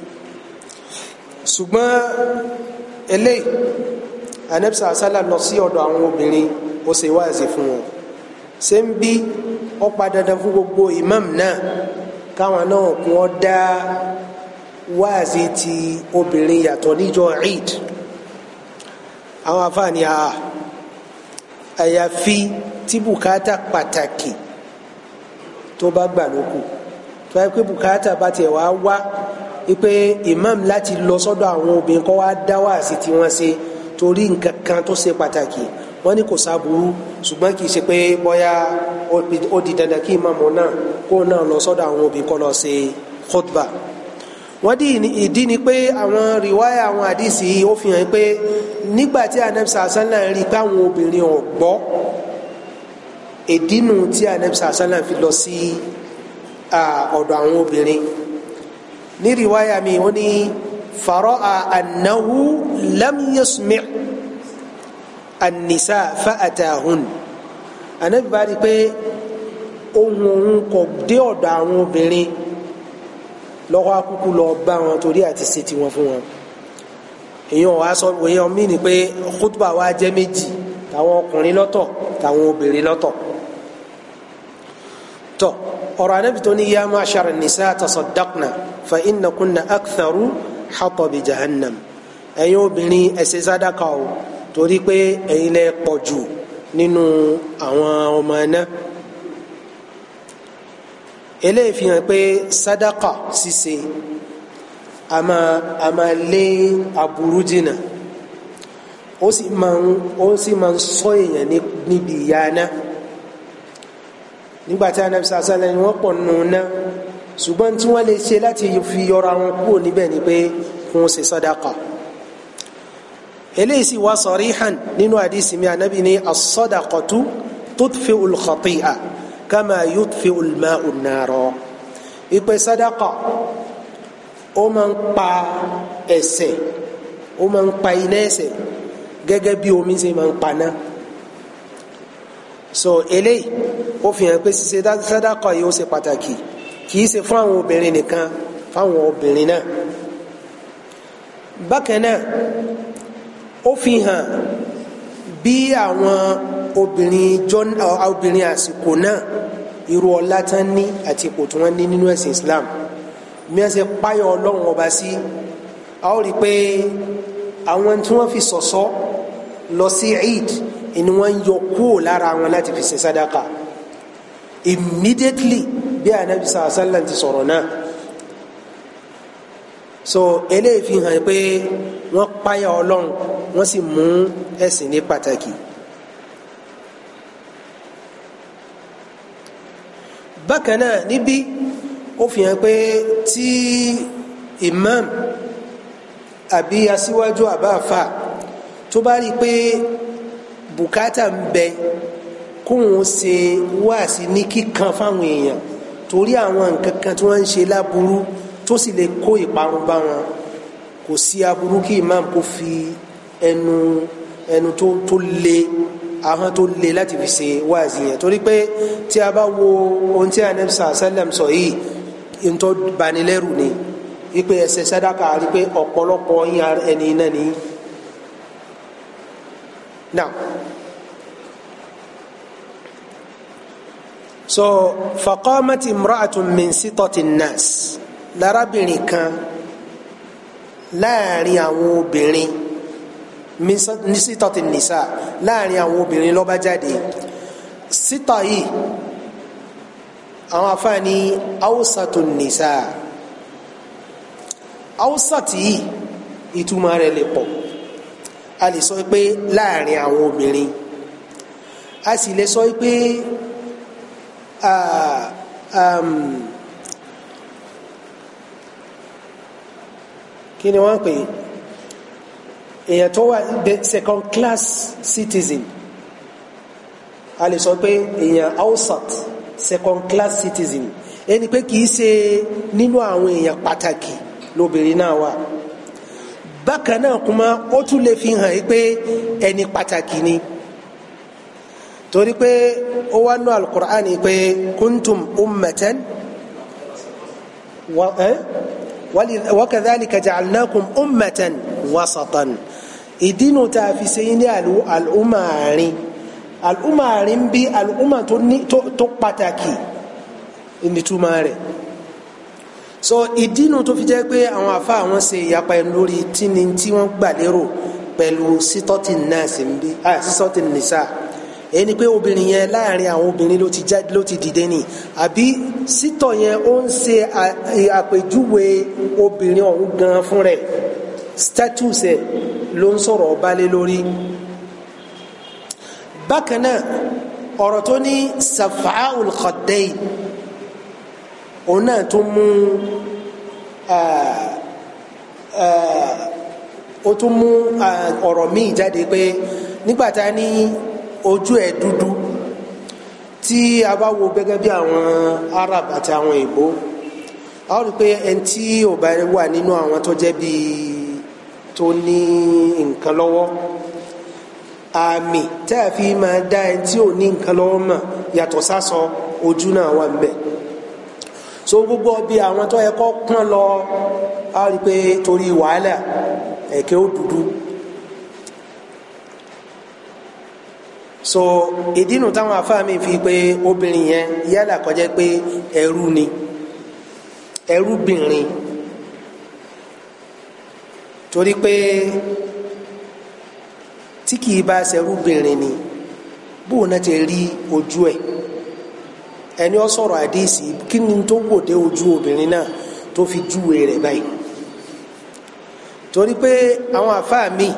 ṣùgbọ́n eléyìí anabisa asala lọ sí ọ̀dọ̀ àwọn obìnrin ó ṣe wáàzì fún wọn ṣé ń bí ó pa dandan fún gbogbo imam náà káwọn náà kún ọ dá wáàzì ti obìnrin yàtọ̀ níjọ eid àwọn afáàní àyàfi tí bùkátà pàtàkì tó bá gbà ló kù tó yẹ pé bùkátà bá tiẹ̀ wá wá pé imam láti lọ sọ́dọ̀ àwọn obìnrin kọ́ wá dá wá sí tí wọ́n ṣe torí nǹkan kan tó ṣe pàtàkì wọ́n ní kò sábúrú ṣùgbọ́n kì í ṣe pé bóyá ó di dandan kí imam náà kó náà lọ sọ́dọ̀ àwọn obìnrin kọ́ lọ ṣe khutba wọ́n dì ìdí ni pé àwọn rìwáyà àwọn àdìsí ó fi hàn pé nígbà tí anamsa asán náà rí i pé àwọn obìnrin ò gbọ́ ìdínú tí anabi sàṣàlà fi lọ sí ọ̀dọ̀ àwọn obìnrin ní riwaya mi ó ní faraa annahu lam yasmi an-nisa fa atahun anabi bá rí pé ohun òun kò dé ọ̀dọ̀ àwọn obìnrin lọ́wọ́ akúkú lọ bá wọn torí àti ṣe tiwọn fún wọn èèyàn wa sọ èèyàn mí ni pé kútùbà wa jẹ́ méjì tàwọn ọkùnrin lọ́tọ̀ tàwọn obìnrin lọ́tọ̀ tọ ọ̀rọ̀ anabi tó ní ya ma'shara nisa tasaddaqna fa inna kunna aktharu hatabi jahannam ẹ̀yin obìnrin ẹ ṣe sàdákà o torí pé ẹ̀yin lẹ pọ̀ jù nínú àwọn ọmọ ẹ̀nà eléyìí fi hàn pé sàdákà ṣíṣe ama ama lé aburú jìnnà ó sì máa ń ó sì máa ń sọ èèyàn níbi ìyá náà nígbàtí anabi sàṣàlẹ̀ ni wọ́n pọ̀ nù ná ṣùgbọ́n tí wọ́n lè ṣe láti fi yọra wọn kúrò níbẹ̀ ni pé kò ń ṣe sàdákà eléyìí sì wá sarihan nínú àdìsí mi anabi ní as-sadaqatu tutfi'ul khati'a kama yutfi'ul ma'u an-nara ìpè sàdákà ó máa ń pa ẹ̀ṣẹ̀ ó máa ń pa iná ẹ̀ṣẹ̀ gẹ́gẹ́ bí omi ṣe máa ń pa náà so eléyìí ó fi hàn pé ṣíṣe sàdákà yìí ó ṣe pàtàkì kì í ṣe fún àwọn obìnrin nìkan fáwọn obìnrin náà bákan náà ó fi hàn bí àwọn obìnrin john obìnrin àsìkò náà irú ọlá tán ní àti ipò tí wọ́n ní nínú ẹ̀sìn Islam bí wọ́n ṣe páyọ̀ ọlọ́run ọba sí a ó rí i pé àwọn tí wọ́n fi sọ̀sọ́ lọ sí Eid ni wọ́n ń yọ kúrò lára wọn láti fi ṣe sadaka immediately bí anabi sàlá ti sọ̀rọ̀ náà so eléyìí fi hàn pé wọ́n páyà ọlọ́run wọ́n sì mú ẹ̀sìn ní pàtàkì. bákan náà níbí ó fi hàn pé tí imam àbí aṣíwájú àbáfà tó bá rí i pé Bukata ń bẹ kóun ṣe wáàsí ní kíkan fáwọn èèyàn torí àwọn nǹkan kan tí wọ́n ń ṣe láburú tó sì lè kó ìparun bá wọn kò sí aburú kí imam kó fi ẹnu ẹnu tó tó le ahọ́n tó le láti fi ṣe wáàsí yẹn torí pé tí a bá wo ohun tí anabi sàlẹm sọ yìí ntọ́ banilẹ́rù ni wípé ẹsẹ̀ sádàkà rí pé ọ̀pọ̀lọpọ̀ yín ẹni náà nìyí now so faqamati imra'atun min sitati nnas lárábìnrin kan láàrin àwọn obìnrin ní sitati nisa láàrin àwọn obìnrin ló bá jáde sítà yìí àwọn afáàní awsatu nisa awsati yìí ìtumọ̀ rẹ̀ lè pọ̀ a lè sọ pé láàrin àwọn obìnrin a sì lè sọ pé kí ni wọ́n pè èèyàn tó wà second class citizen a lè sọ pé èèyàn ausat second class citizen ẹni pé kì í ṣe nínú àwọn èèyàn pàtàkì lóbìnrin náà wà bákan náà kuma ó tún lè fi hàn yí pé ẹni pàtàkì ni torí pé ó wá nú alukur'ani pé kuntum ummatan wa ẹ wakadhalika ja'alnakum ummatan wasatan ìdínú tá a fi ṣe yín ní al'umma àárín bí al'umma tó pàtàkì ìnitúmọ̀ so ìdínú tó fi jẹ́ pé àwọn afa àwọn ṣe ìyapa ẹnu lórí tíni tí wọ́n gbà lérò pẹ̀lú sítọ́tì náà sì ń bí ah sítọ́tì nìsa èyí ni pé obìnrin yẹn láàrin àwọn obìnrin ló ti jáde ló ti dìde ni àbí sítọ̀ yẹn ó ń ṣe àpèjúwe obìnrin ọ̀hún gan fún rẹ̀ status ẹ̀ ló ń sọ̀rọ̀ ọba lé lórí bákan náà ọ̀rọ̀ tó ní safa'ul khaddayn òun náà tún mú ó tún mú ọ̀rọ̀ míì jáde pé nígbà tá a ní ojú ẹ̀ dúdú tí a bá wo gẹ́gẹ́ bí àwọn Arab àti àwọn èèbó a ó rí i pé ẹni tí ò bá wà nínú àwọn tó jẹ́ bíi tó ní nǹkan lọ́wọ́ àmì tẹ́ a fi máa dá ẹni tí ò ní nǹkan lọ́wọ́ mọ̀ yàtọ̀ sásọ ojú náà wà ń bẹ̀ẹ́ so gbogbo bí àwọn tó yẹ kọ́ pọ́n lọ á rí i pé torí wàhálà ẹ̀kẹ́ ó dúdú so ìdínú táwọn afáàmì fi pé obìnrin yẹn yálà kó pé ẹrú ni ẹrúbìnrin torí pé tí kìí bá ṣẹrúbìnrin ni bóun náà ti rí ojú ẹ̀. E ẹni ọ sọ̀rọ̀ àdìsí kí ni tó wòde ojú obìnrin náà tó fi júwe rẹ̀ báyìí torí pé àwọn àfáà mi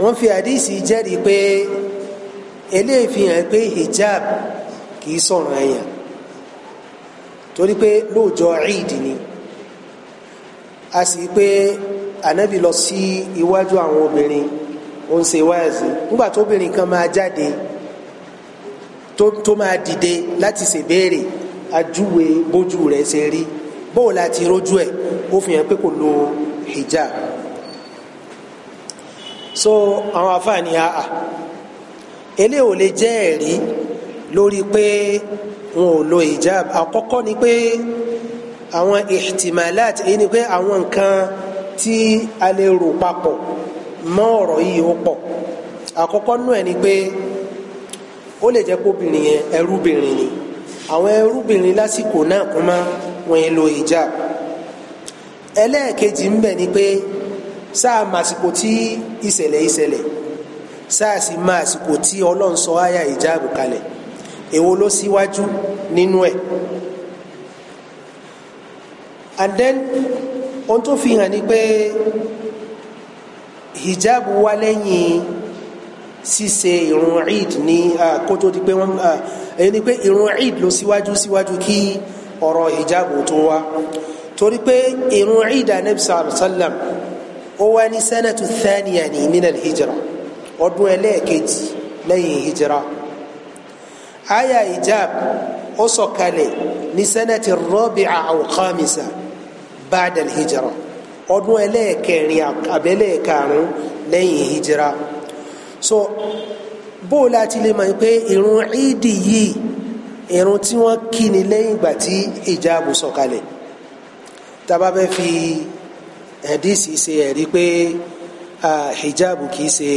wọ́n fi àdìsí jẹ́rìí pé eléyìí pé hijab kì í sọ̀rọ̀ ẹ̀yàn torí pé lóòjọ́ eid ni a sì pé ànábì lọ sí iwájú àwọn obìnrin ó ń ṣe wáàzì nígbà tó kan máa jáde tó tó máa dìde láti ṣèbéèrè ajúwe bójú rẹ̀ ṣe rí bóò láti rójú ẹ̀ ó fi hàn pé kò lo hijab so àwọn afáàní àà eléyìí ò lè jẹ́ ẹ̀rí lórí pé wọn ò lo hijab àkọ́kọ́ ni pé àwọn ihtimalat èyí ni pé àwọn nǹkan tí a lè rò papọ̀ mọ́ ọ̀rọ̀ yìí ó pọ̀ àkọ́kọ́ nú ẹ̀ ni pé. ó lè jẹ́ kó obìnrin yẹn ẹrúbìnrin ni àwọn ẹrúbìnrin lásìkò náà kún mọ́ wọn lo hijab ẹlẹ́ẹ̀kejì ń bẹ ni pé sáà màsìkò tí ìṣẹ̀lẹ̀ ìṣẹ̀lẹ̀ sáà sì màsìkò tí ọlọ́run sọ àyà hijab kalẹ̀ èwo ló síwájú nínú ẹ̀ and then ohun tó fi hàn ni pé hijab wá lẹ́yìn. ṣíṣe ìrun eid ní kótó di pé wọ́n èyí ni pé ìrun eid ló síwájú síwájú kí ọ̀rọ̀ hijab tó wá torí pé ìrun eid anabi sallam ó wá ní sanatu thaniya ní minal hijra ọdún ẹlẹ́ẹ̀kejì lẹ́yìn hijra aya hijab ó sọ̀kalẹ̀ ní sanati rabi'a aw khamisa hijra ọdún ẹlẹ́ẹ̀kẹrin abẹ́lẹ́ẹ̀karùn lẹ́yìn hijra so bó láti lè mọ̀ pé ìrun ìdì yìí ìrun tí wọ́n kí ni lẹ́yìn ìgbà tí ìjáàbù sọ̀kalẹ̀ tá bá fi hadisi ṣe ẹ̀rí pé hijabu kì í ṣe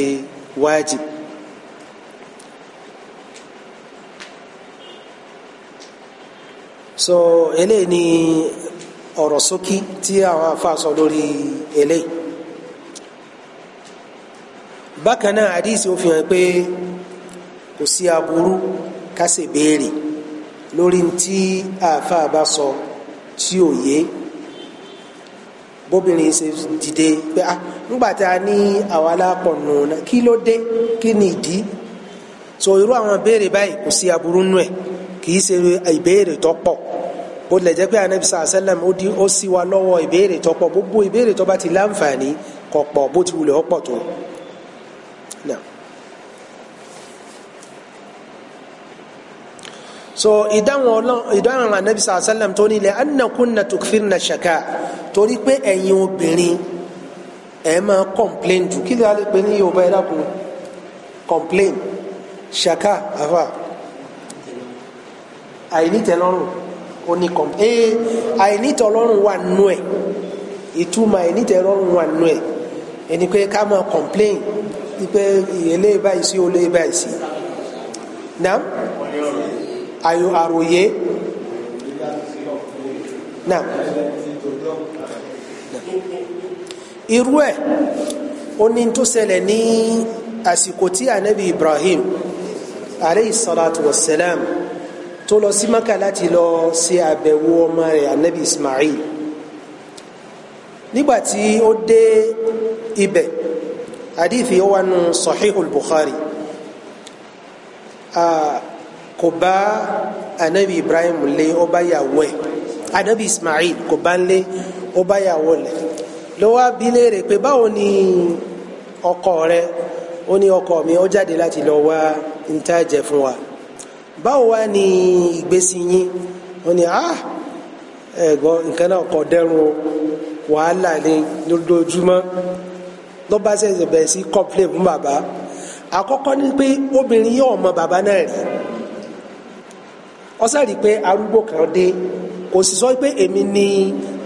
wájib. so eléyìí ni ọ̀rọ̀ ṣókí tí àwọn afa lórí eléyìí bákan náà àdìsí ó fi hàn pé kò sí aburú ká ṣe béèrè lórí tí àáfàá bá sọ tí ò yé bóbìnrin ṣe dìde pé ah nígbà tá a ní àwa lápọ̀ nù náà kí ló dé kí ni ìdí so irú àwọn béèrè báyìí kò sí aburú nù ẹ̀ kì í ṣe ìbéèrè tó pọ̀ bó tilẹ̀ jẹ́ pé anabi sàá sẹ́lẹ̀m ó di ó sì wa lọ́wọ́ ìbéèrè tó pọ̀ gbogbo ìbéèrè tó bá ti láǹfààní kò pọ̀ bó ti wulẹ̀ ó pọ̀ tó. so idan ọlọ́run ìdáhùn anabi sàlá sàlám tó nílẹ̀ anakunna tukfirna shaka torí pé ẹ̀yin obìnrin ẹ̀ máa complain jù kí ló wà lè pe ní yorùbá ẹ̀dá kun complain shaka afa àìnítẹ́lọ́rùn ó ní kọ̀m ee eh, àìnítẹ́lọ́rùn wà nù ẹ̀ ìtumọ̀ àìnítẹ́lọ́rùn wà nù ẹ̀ ẹni pé ká máa complain pé ìyẹlé báyìí sí olè báyìí sí. naam àyò àròyé náà irú ẹ̀ ó ní tó ṣẹlẹ̀ ní àsìkò tí anabi Ibrahim aleyhi salatu wa salam tó lọ sí Maka láti lọ ṣe àbẹ̀wò ọmọ rẹ̀ anabi Ismail nígbàtí ó dé ibẹ̀ hadithi ó wà nù Sahihul Uh, kò bá anabi ibrahim lé ó bá yàwó ẹ̀ anabi ismail kò bá lé ó bá yàwó lẹ̀ lọ́wọ́ pé báwo ni ọkọ rẹ ó ní ọkọ mi ó jáde láti lọ wá ntaajẹ fún wa báwo wá ìgbésí yín ó ní ah ẹ̀gbọ́n nǹkan náà wàhálà ni lójoojúmọ́ ló bá bẹ̀rẹ̀ sí complain fún bàbá àkọ́kọ́ ni pé obìnrin yóò mọ ó sáré pé arúgbó kan dé kò sì sọ pé èmi ni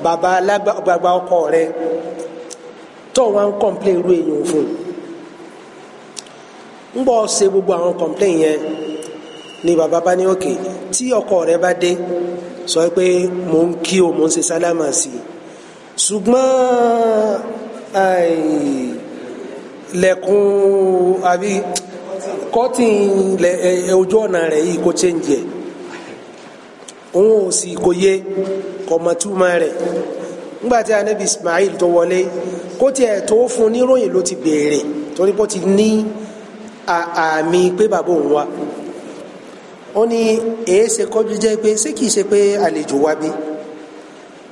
bàbá alágbàgbà ọkọ rẹ tó wọn kọ̀ǹplé irú èèyàn fún un ń bọ̀ ṣe gbogbo àwọn kọ̀ǹplé yẹn ni bàbá bá ní òkè tí ọkọ rẹ bá dé sọ pé mò ń kí o mò ń ṣe sálámà sí i ṣùgbọ́n lẹ́kùn àbí kọ́tìn ojú ọ̀nà rẹ̀ yìí kò change yẹ òun ò sì kò yé kọ̀mọ̀túmọ̀ rẹ̀ nígbàtí anabi ismail tó wọlé kó tiẹ̀ tó fún níròyìn ló ti béèrè torí bó ti ní àmì pé bàbá òun wá ó ní èéṣe kọjú jẹ́ pé ṣé kìí ṣe pé àlejò wá bí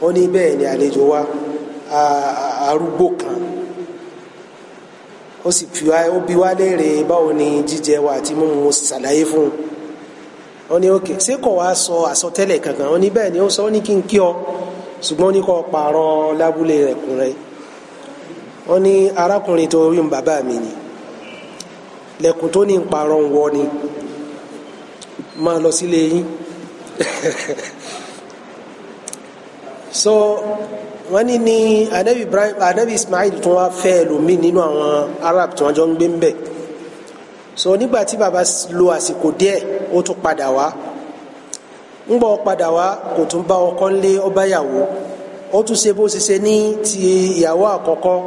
ó ní bẹ́ẹ̀ ni àlejò wá arúgbó kan ó sì fi wá ó bi wá léèrè báwo ni jíjẹ wa àti mímu mo sì ṣàlàyé fún un ó ní òkè ṣé kò wá sọ àsọtẹ́lẹ̀ kankan ó ní bẹ́ẹ̀ ni ó sọ ó ní kí n kí ọ ṣùgbọ́n ó ní kó pààrọ̀ lábúlé rẹ̀ kùn rẹ̀ ó ní arákùnrin tó rí bàbá mi ni lẹ́kùn tó ní pààrọ̀ ń wọ ni máa lọ sílé yín so wọ́n ní ní anabi Ismail tó wá fẹ́ ẹlòmíì nínú àwọn Arab tí wọ́n jọ ń gbé ń bẹ̀ so nígbà tí baba lo àsìkò díẹ̀ ó tún padà wá ńgbọ́ padà wá kò tún bá ọkọ ńlé ọba yàwó ó tún ṣe bó ṣe ṣe ní ti ìyàwó àkọ́kọ́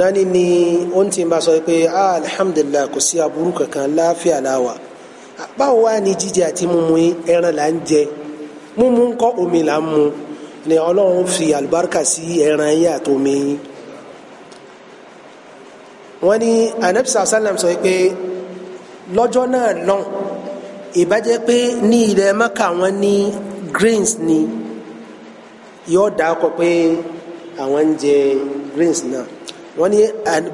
nani ni ó ti bá sọ pé ah alhamdulilah kò sí aburú kankan láàfíà láwà ah, báwo wá ní jíjẹ àti mímu ẹran là ń jẹ mímu ńkọ́ omi là ń mu ni ọlọ́run fi àlùbáríkà sí ẹran yín àti omi yín wọ́n ní anabisa salam sọ pé lọ́jọ́ náà lọ́n ìbàjẹ́ pé ní ilẹ̀ maka wọ́n ní greens ni yóò dákọ pé àwọn ń jẹ greens náà wọ́n ní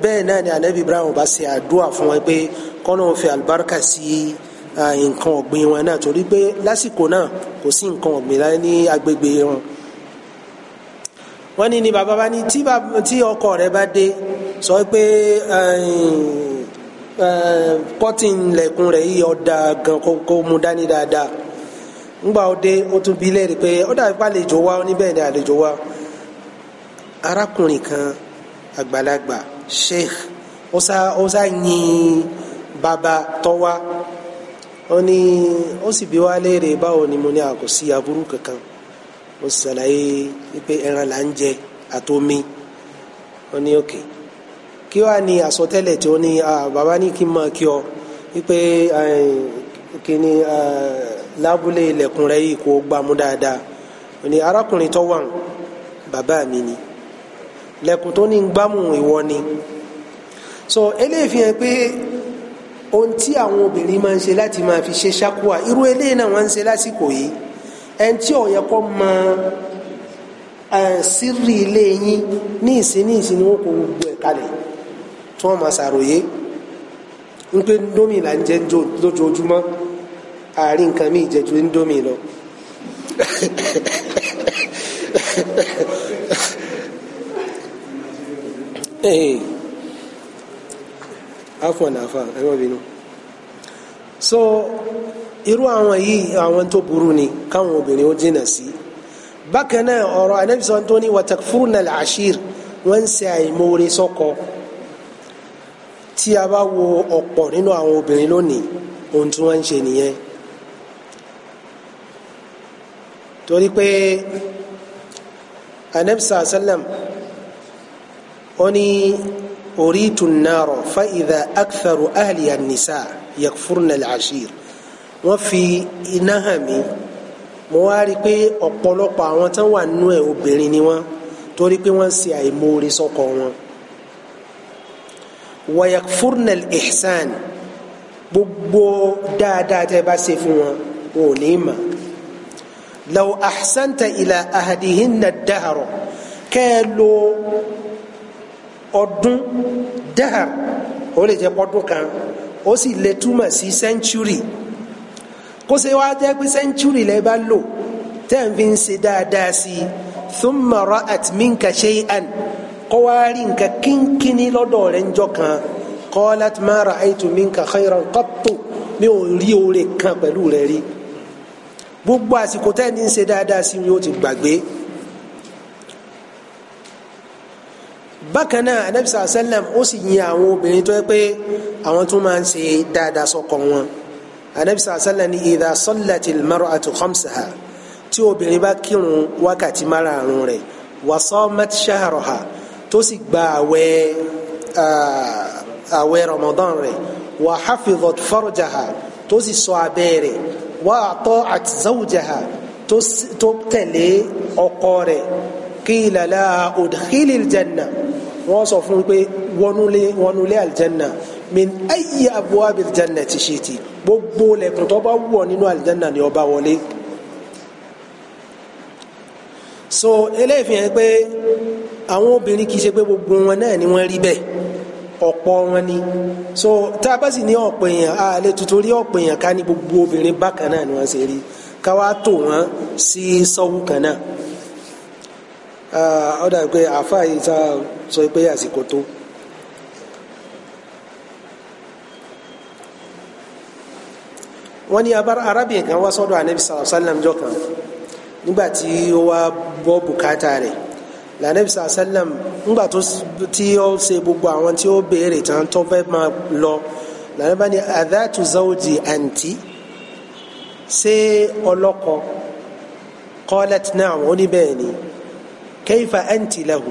bẹ́ẹ̀ náà ni anabi ibrahim bá ṣe àdúrà fún wọn pé kọ́nà òfin àlùbáríkà sí nǹkan ọ̀gbìn wọn náà torí pé lásìkò náà kò sí nǹkan ọ̀gbìn ní agbègbè wọn wọ́n ní ni bàbá bá ní tí ọkọ rẹ̀ bá dé sọ pé kọ́tìn lẹ̀kùn rẹ̀ yìí ọ̀dà gan kó mu dání dáadáa ńgbà ọdẹ ó tún bi léèrè pé ó dàbí àlejò wa oníbẹ̀ ni àlejò wa arákùnrin kan àgbàlagbà sheikh ó sá ó sá yin bàbá tọ́wá ó ní ó sì bi wá léèrè báwo ni mo ní àkòsí aburú kankan mo ṣàlàyé wípé ẹran là ń jẹ àtomi wọn ní òkè kí wàá ní àsọtẹ́lẹ̀ tí ó ní ah, bàbá ní kí n máa kí ọ wípé eh, kí ni eh, lábúlé ilẹ̀kùn rẹ yìí kó gbámú dáadáa wọn ní arákùnrin tó wà bàbá mi ni lẹ̀kùn tó ní gbámú ìwọ ni so eléyìí fi hàn pé ohun tí àwọn obìnrin máa ń ṣe láti máa fi ṣe ṣákùá irú eléyìí náà wọ́n ń ṣe lásìkò yìí ẹni tí ó yẹ kó mọ sírí ilé yín ní ìsìn ní wọn kò gbogbo ẹ̀ kalẹ̀ tí ń pé là ń jẹ lójoojúmọ́ àárín mi lọ. so irú àwọn yìí àwọn tó burú ni káwọn obìnrin ó jìnnà sí bákan náà ọ̀rọ̀ anabisọ tó ní watakfurna al-ashir wọ́n ń ṣe àìmoore sọ́kọ tí a bá wo ọ̀pọ̀ nínú àwọn obìnrin lónìí ohun tí wọ́n ń ṣe nìyẹn torí pé anabisa sallam ó ní. أريت النار فإذا أكثر أهلها النساء يكفرن العشير wọ́n fi iná hàn mí mo wá rí i pé ọ̀pọ̀lọpọ̀ àwọn tán wà nínú ẹ̀ obìnrin ni wọ́n torí pé wọ́n ṣe àìmoore sọ́kọ wọn. wa yakfurna gbogbo dáadáa tẹ́ bá ṣe fún wọn wọn ní mà. law ahsanta ila ahadihinna ad-dahra kẹ́ lo ọdún dahar ó lè jẹ́ pọ́dún kan ó sì lè túmọ̀ sí sẹ́ńtúrì kó ṣe wá jẹ́ pé sẹ́ńtúrì lẹ́ bá lò tẹ́ ń fi ń ṣe dáadáa sí i thumma ra'at minka shay'an kó wá rí nǹkan kínkínní lọ́dọ̀ rẹ̀ ń jọ kan qalat ma ra'aytu minka khayran qattu mi ò rí oore kan pẹ̀lú rẹ̀ rí gbogbo àsìkò tẹ́ ń ṣe dáadáa sí mi ó ti gbàgbé. bákan náà anabisa sallam ó sì yin àwọn obìnrin tó yẹ pé àwọn tó máa ń ṣe dáadáa sọ́kọ wọn anabisa sallam ni idha sallati al-mar'atu khamsaha tí obìnrin bá kírun wákàtí márààrún rẹ̀ wa samat shahraha tó sì gba àwẹ̀ àwẹ̀ ramadan rẹ̀ wa hafizat farjaha tó sì ṣọ́ abẹ́ rẹ̀ wa ata'at zawjaha tó tẹ̀lé ọkọ rẹ̀ qila la udkhilil janna wọ́n sọ fún pé wọnúlé wọnúlé aljanna min ayi abwabil jannati shiti gbogbo lẹ́kùn tó bá wọ̀ nínú aljanna ni ó wọlé so eléyìí fi hàn pé àwọn obìnrin kì í ṣe pé gbogbo wọn náà ni wọ́n rí bẹ́ẹ̀ ọ̀pọ̀ wọn ni so tá a bá sì ní ọ̀pọ̀ èèyàn a lè tuntun rí ọ̀pọ̀ èèyàn ká ní gbogbo obìnrin bákan náà ni wọ́n ṣe rí ká wá tò sí sọ́wọ́ kan náà ó dàbí pé àáfàá yìí sá sọ pé àsìkò tó. wọ́n ní arábìnrin kan wá sọ́dọ̀ anabi sallallahu alayhi wa sallam jọ kan nígbà tí ó wá bọ́ bùkátà rẹ̀ lànàbì sallallahu nígbà tí ó ṣe gbogbo àwọn tí ó béèrè tán tó fẹ́ máa lọ lànàbà ni adhatu zawji anti ṣé ọlọ́kọ qalat na'am ó ní bẹ́ẹ̀ ni kayfa anti lahu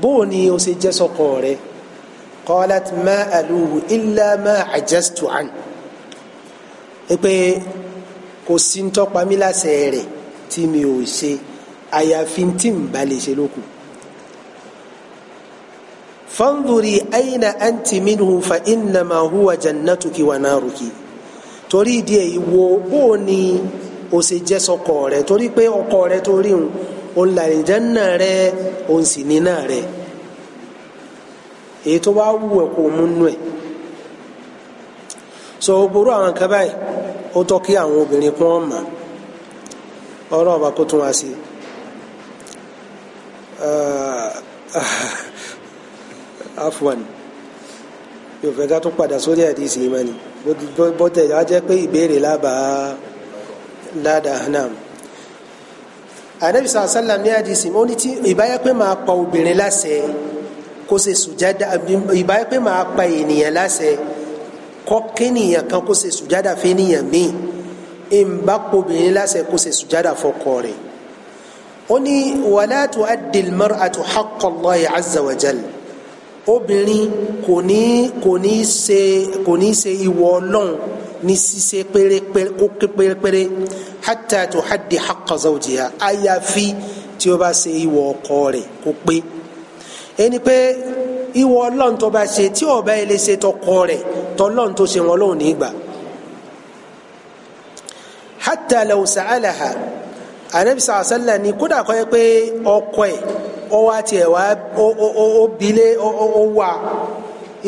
bóò ni o ṣe jẹ́ sọ́kọ rẹ qalat ma aluhu illa ma ajastu an pé kò sí ń tọ́pa mi láṣẹ rẹ̀ tí mi ò ṣe àyàfi tí n bá lè ṣe lókun. fanzuri aina anti minhu fa innama huwa jannatuki wa naruki torí ìdí èyí wo bóò ni o ṣe jẹ́ sọ́kọ rẹ torí pé ọkọ rẹ torí òun òun làlìjánà nna òun sì níná rẹ èyí tó bá wù kó so gbòòrò àwọn kan báyìí ó tọ́ kí àwọn obìnrin kún ọ́n mà ọ̀rọ̀ ọba kó tún wá sí ah, afwan yóò fẹ́ ká tún padà sórí àdìsí ni bó tẹ̀ jẹ́ pé ìbéèrè lábàá ládàá anabi sàn sálàm ní àdìsí mo ní tí ìbáyẹ pé máa pa obìnrin láṣẹ kó ṣe sùjádà ìbáyẹ pé máa pa ènìyàn láṣẹ kọ́ kéènìyàn kan kó ṣe sùjádà fẹ́nìyàn míì ìbá pobìnrin láṣẹ kó ṣe sùjádà fọ́kọ rẹ̀ ó ní wàlá tu'addi al-mar'atu haqqa Allahi azza wa jalla obìnrin kò ní kò ní ṣe kò ní ṣe ìwọ ní ṣíṣe pérépéré kó pérépéré hatta tuhaddi haqqa zawjiha àyàfi tí ó bá ṣe ìwọ ọkọ rẹ̀ kó pé ẹni pé ìwọ ọlọ́run tó bá ṣe tí ọba ẹ lè ṣe tọkọ rẹ̀ tọlọ́run tó ṣe wọn lóhùn nígbà hatta law sa'alaha anabi sàásàlà ni kódà kọ́ ẹ pé ọkọ ẹ ọ wá tiẹ̀ wá ó bilé ó wà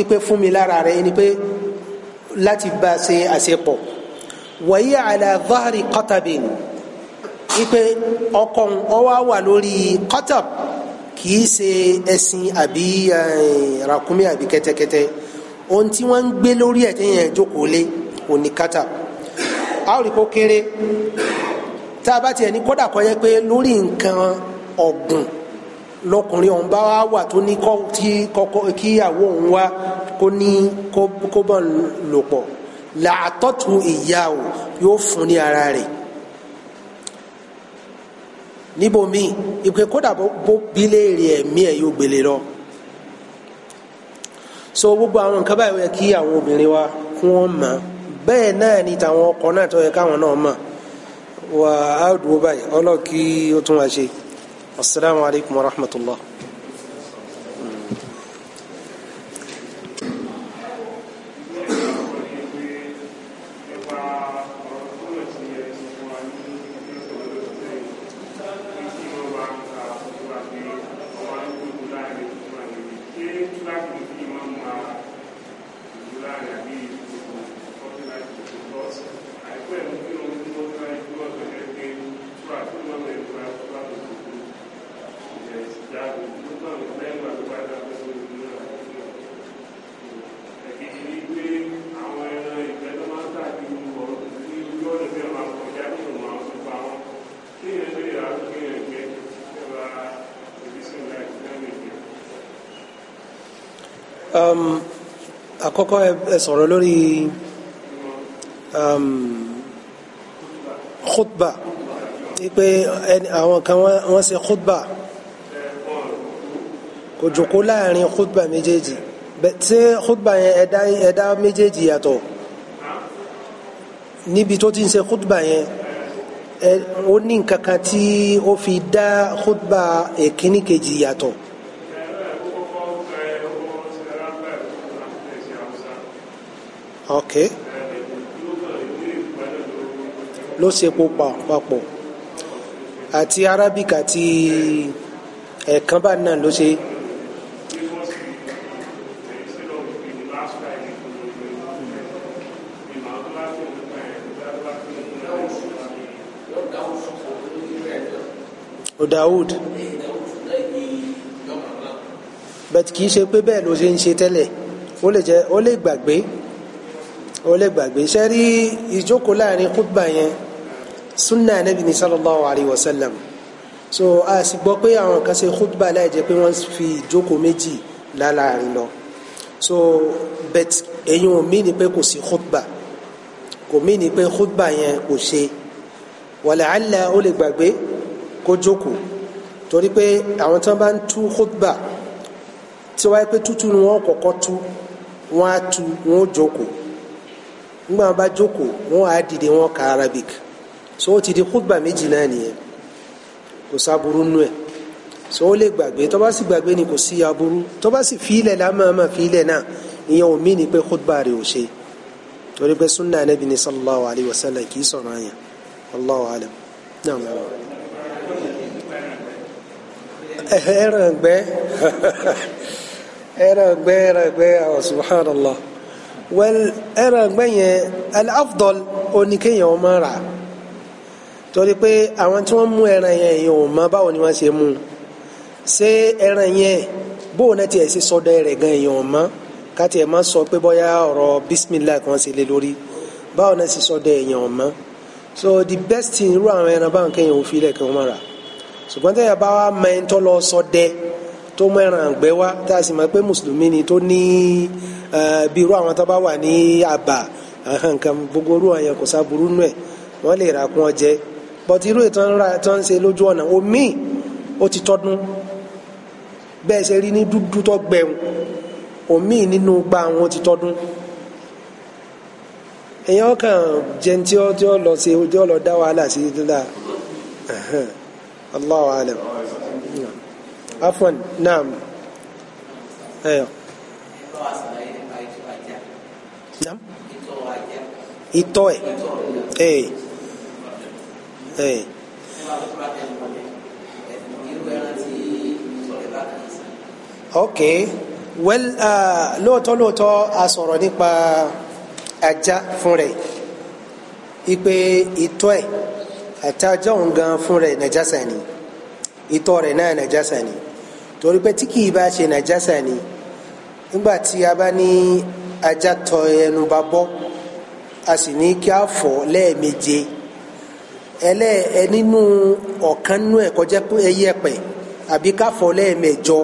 ipe fún mi lára rẹ̀ ẹni pé láti bá ṣe àṣepọ̀ wàyí àlà zahari kọtàbìn ipe ọkàn ọwọ́ wà lórí kọtàb kìí ṣe ẹṣin àbí ràkúnmí àbí kẹ́tẹ́kẹ́tẹ́ ohun tí wọ́n ń gbé lórí ẹ̀ tẹ́yìn jókòó lé òní kọtàb a ó rí kó kéré tá a bá tiẹ̀ ní kódà kọ́ yẹ pé lórí nǹkan ọ̀gùn lọkùnrin ọ̀hún bá wà tó ní kí àwọ̀ òun wá kó ní kó bọ̀ lò pọ̀ làtọ́tù ìyá o yóò fún ní ara rẹ̀ níbomi ìpè kódà bó bílé èrè ẹ̀mí ẹ̀ yóò gbélé lọ so gbogbo àwọn nǹkan báyìí kí àwọn obìnrin wa kí wọ́n mọ̀ bẹ́ẹ̀ náà ni tàwọn ọkọ náà tó yẹ káwọn náà mọ̀ wà á dúró báyìí ọlọ́ọ̀kí ó tún wá ṣe asalaamualeykum wa rahmatulah. Um, àkọ́kọ́ ẹ sọ̀rọ̀ lórí um, khutba pé àwọn kan wọ́n ṣe khutba kò jòkó láàrin khutba méjèèjì ṣé khutba yẹn ẹ̀dá ẹ̀dá méjèèjì yàtọ̀ níbi tó ti ń ṣe khutba yẹn ó ní nǹkan kan tí ó fi dá khutba èkíní kejì yàtọ̀. okay ló ṣe epo papọ̀ àti arabic àti ẹ̀ẹ̀kan bá náà ló ṣe. o Daoud bẹ́ẹ̀ kì í ṣe pé bẹ́ẹ̀ ló ṣe ń ṣe tẹ́lẹ̀ ó lè gbàgbé ó lè gbàgbé ṣe rí ìjókòó láàrin kútbà yẹn sunna anabi ni sallallahu alayhi wa so a sì gbọ́ pé àwọn kan ṣe kútbà láì jẹ́ pé wọ́n fi ìjókòó méjì láàrin lọ so bet ẹ̀yin ò mí ni pé kò sí kútbà kò mí ni pé kútbà yẹn kò ṣe wàlàhálà ó lè gbàgbé kó jókòó torí pé àwọn tán bá ń tú kútbà tí wọ́n wáyé pé tútù ni wọ́n kọ́kọ́ tú wọ́n á tú wọ́n ó jókòó ńgbà bá jókòó wọn á dìde wọn ka arabic so ó ti di kúgbà méjì náà nìyẹn kò sáburú nù ẹ so ó lè gbàgbé tó bá sì gbàgbé ni kò sí aburú tó bá sì fílẹ̀ lámàmà fílẹ̀ náà ìyẹn ò mí ni pé kúgbà rẹ̀ ò ṣe torí pé sunna anabi ni sallallahu alayhi wa sallam kì í sọ̀rọ̀ àyàn alam naam ẹran gbẹ ẹran gbẹ ẹran gbẹ subhanallah wẹ́l ẹran gbẹ̀yẹn al-afdal oníkéyàn ọmọ rà torí pé àwọn tí wọ́n mú ẹran yẹn yìí ò mọ báwo ni wọ́n ṣe mú un ṣé ẹran yẹn bóun náà tiẹ̀ ṣe sọdọ rẹ̀ gan yìí ò mọ káti ẹ̀ má sọ pé bóyá ọ̀rọ̀ bisimilayi kan ṣe lé lórí báwo náà ṣe sọdọ ẹ̀yàn ò mọ so the best thing irú àwọn ẹran báwọn kéèyàn ò fi lẹ̀ kí wọ́n mọ̀ rà ṣùgbọ́n tẹ́yà bá wà mẹ́ńtọ́ lọ sọdẹ́ tó mẹ́ràn àgbẹ̀ wá tá a sì mọ̀ pé mùsùlùmí ni tó ní bí irú àwọn tó bá wà ní àbà nǹkan gbogbo irú àyàn kò sá burú nù ẹ̀ wọ́n lè ra kún ọjẹ́ bọ́tí irú ìtàn ra tó ń ṣe lójú ọ̀nà omi ó ti tọ́dún bẹ́ẹ̀ ṣe rí ní dúdú tó gbẹ̀hùn omi nínú gba àwọn ó ti tọ́dún èèyàn kàn jẹun tí ó tí ó lọ ṣe ojú ọ̀lọ́ dá wàhálà sí dídá Allahu alam afwan naam ẹ̀yọ. ìtọ̀ ẹ̀ ẹ̀ ẹ̀ ok well uh, lóòótọ́ lóòótọ́ a sọ̀rọ̀ nípa ajá fún rẹ̀ ipe ìtọ̀ ẹ̀ àti ajá òun gan fún rẹ̀ nàjásà ni ìtọ̀ rẹ̀ náà nàjásà ni torí pé tí kì í bá ṣe nàjásà ni nígbà tí a bá ní ajá tọ ẹnu bá bọ́ a sì ní kí a fọ̀ lẹ́ẹ̀meje ẹlẹ́ ẹ nínú ọ̀kan nínú ẹ̀ ẹyẹ pẹ̀ àbí ká fọ̀ lẹ́ẹ̀mẹjọ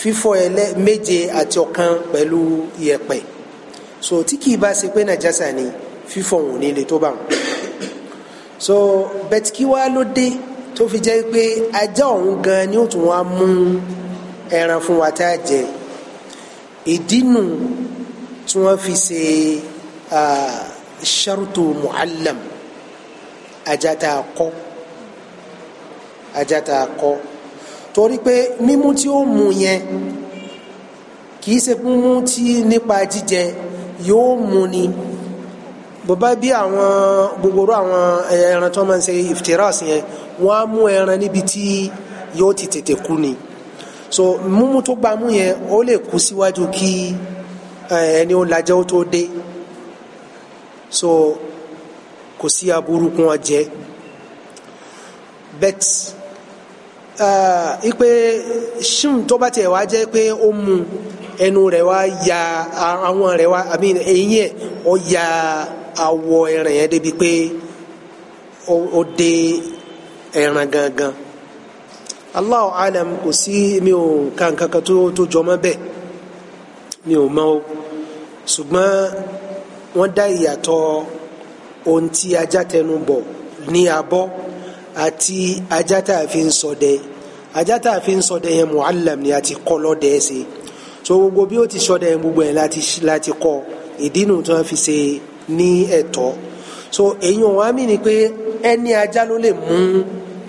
fífọ̀ ẹlẹ́ méje àti ọ̀kan pẹ̀lú iyẹ̀pẹ̀ so tí kì í bá ṣe pé nàjásà ni fífọ̀ òun ní ilé tó bá wọn so bẹ́tíkí wá ló dé tó fi jẹ́ pé ajá ọ̀hún gan ni ó tún wá mú ẹran fún wa tá a jẹ ìdínú tí wọ́n fi ṣe ṣarutu mu'allam ajá tá a kọ́ ajá tá a kọ́ torí pé mímú tí ó mú yẹn kìí ṣe mímú tí nípa jíjẹ yóò mú ni bàbá bí àwọn gbogbo àwọn ẹran tó máa ń ṣe iftiras yẹn wọ́n á mú ẹran níbi tí yóò ti tètè kú ni so mímú tó gba mú yẹn ó lè kú síwájú kí ẹni ó lajẹ́ ó tó dé so kò sí aburú kún ọ jẹ bet ipe ṣim tó bá tiẹ̀ wá jẹ́ pé ó mu ẹnu rẹ̀ wá ya àwọn rẹ̀ wá àbí eyín ẹ̀ ó ya awọ ẹran yẹn débi pé ó dé ẹran gangan Allahu alam kò sí mi ò ka nǹkan kan tó tó jọmọ́ bẹ́ẹ̀ mi ò mọ̀ o ṣùgbọ́n wọ́n dá ìyàtọ̀ ohun tí ajá tẹnu bọ̀ ní abọ́ àti ajá tá a fi ń ṣọdẹ ajá tá a fi ń ṣọdẹ yẹn mu'allam ni a ti kọ́ lọ́dẹ ṣe so gbogbo bí ó ti ṣọdẹ yẹn gbogbo yẹn láti láti kọ́ ìdínú tí wọ́n fi ṣe ní ẹ̀tọ́ so èyí wọn á mì ní pé ẹni ajá ló lè mú. Mm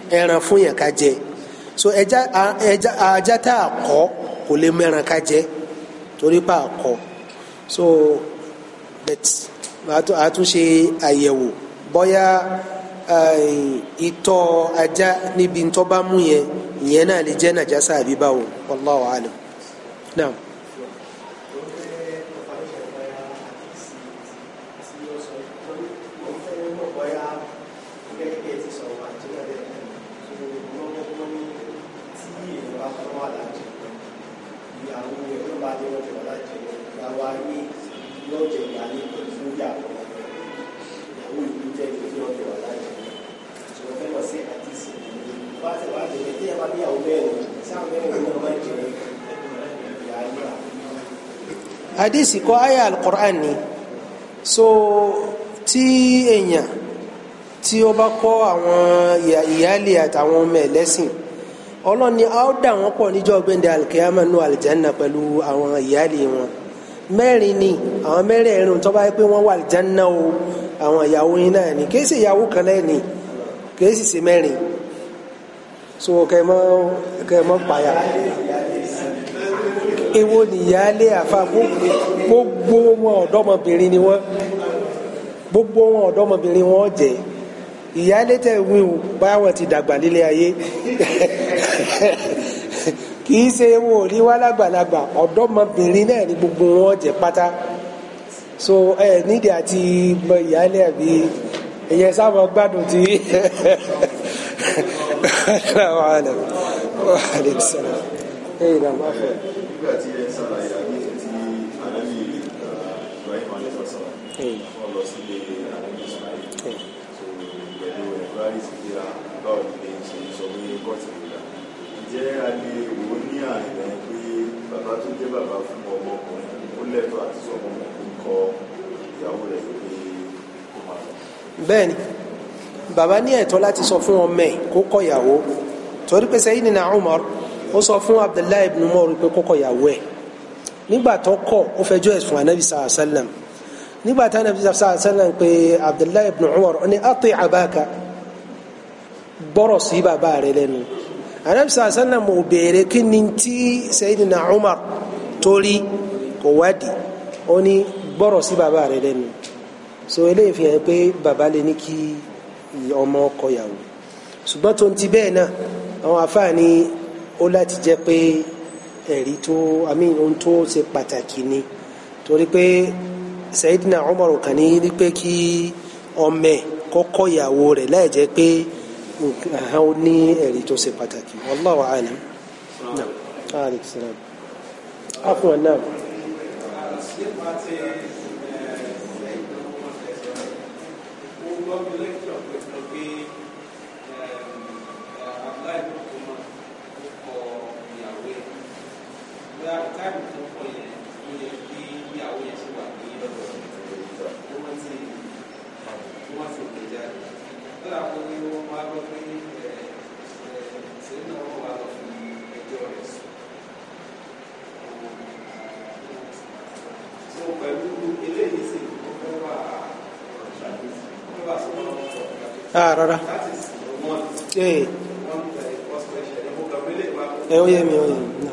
ẹran fún yẹn ká jẹ so ẹja ẹja ajá tá a kọ kò lè mẹran ká jẹ torí pa àkọ so bet àtúnṣe àyẹ̀wò bóyá ìtọ̀ eh, ajá níbi tó bá mú yẹn ìyẹn náà lè jẹ́ nàjásà àbí báwo wallahu alam naam. hadisi kọ́ aya alukur'an ni so tí èèyàn tí ó bá kọ́ àwọn ìyáálé àtàwọn ọmọ ẹ̀ lẹ́sìn ọlọ́run ni a ó dà wọ́n pọ̀ níjọ́ gbẹ̀ndẹ̀ alikiyama nù alijanna pẹ̀lú àwọn ìyáálé wọn mẹ́rin ni àwọn mẹ́rẹ̀ẹ̀rin tó bá yẹ pé wọ́n wà alijanna o àwọn ìyàwó yín náà ni kìí ṣe ìyàwó kan lẹ́ni kìí sì mẹ́rin so kẹ́ ẹ mọ́ kẹ́ ẹ mọ́ payà èwo nìyáálé àfa gbogbo wọn ọ̀dọ́mọbìnrin ni wọ́n gbogbo wọn ọ̀dọ́mọbìnrin wọn jẹ́ ìyáálé tẹ̀ wíwù báyà wọn ti dàgbà nílé ayé kì í ṣe wọn ò rí wá lágbàlagbà ọ̀dọ́mọbìnrin náà ni gbogbo wọn jẹ́ pátá so ẹ nídìí àti mọ ìyáálé àbí ẹ̀yẹ sábà gbádùn tí. السلام عليكم وعليكم السلام اي نعم nígbà tí ẹ ń ṣàlàyé àgbèjì tí ànábì uh, ibrahim alẹ́sọ̀sọ̀ hmm. wọn lọ sí ilé ànábì ismail tó hmm. pẹ̀lú ẹ̀fúrárì sí pé ah, báwo ni lè ṣe sọ pé kọ́ọ̀tì nígbà ǹjẹ́ a lè wò ó ní àìlẹ́ pé bàbá tó jẹ́ bàbá fún ọmọkùnrin ó lẹ́tọ̀ọ́ àti sọmọ ọmọkùnrin kọ ìyàwó rẹ̀ pé kó máa lọ. bẹ́ẹ̀ni bàbá ní ẹ̀tọ́ láti sọ fún ọmọ ẹ̀ kó kọ ìyàwó torí pé Sayyidina Umar ó sọ fún abdullahi ibn umar pé kọ́kọ́ yàwó ẹ̀ nígbà tó kọ̀ ó fẹjọ́ ẹ̀sùn anabi sallallahu alayhi wa sallam nígbà tí anabi sallallahu alayhi wa sallam pé abdullahi ibn umar ó ní ati abaka gbọ́rọ̀ sí bàbá rẹ̀ lẹ́nu anabi sallallahu alayhi wa sallam ò béèrè kí ni tí sayyidina umar torí kò wádìí ó ní gbọ́rọ̀ sí bàbá rẹ̀ lẹ́nu so eléyìí fi hàn pé bàbá lè ní kí ọmọ ọkọ yàwó ṣùgbọ́n tó ń ti bẹ́ẹ̀ náà àwọn afáàní ó láti jẹ́ pé ẹ̀rí tó àmì ohun tó ṣe pàtàkì ni torí pé Sayyidina Umar kàn ní ní pé kí ọmọ kọ́kọ́ ìyàwó rẹ̀ láì jẹ́ pé ó ní ẹ̀rí tó ṣe pàtàkì wallahu alam náà alaykum náà. táìmù tó ń pọ̀ yẹn ó yẹ kí ìyàwó yẹn ṣe wà ní lọ́dọ̀ ó wọ́n ti ó wọ́n ti òkè jáde lọ́dà kó ní wọ́n máa lọ pé ṣe ń náwó wà lọ fún ẹjọ́ rẹ̀ sùn. so pẹ̀lú eléyìí sì ló fẹ́ wà ah, eh. eh, ó fẹ́ wà sọ́dọ̀ ọ̀rọ̀ rárá ẹ ó yẹ mi ó yẹ mi.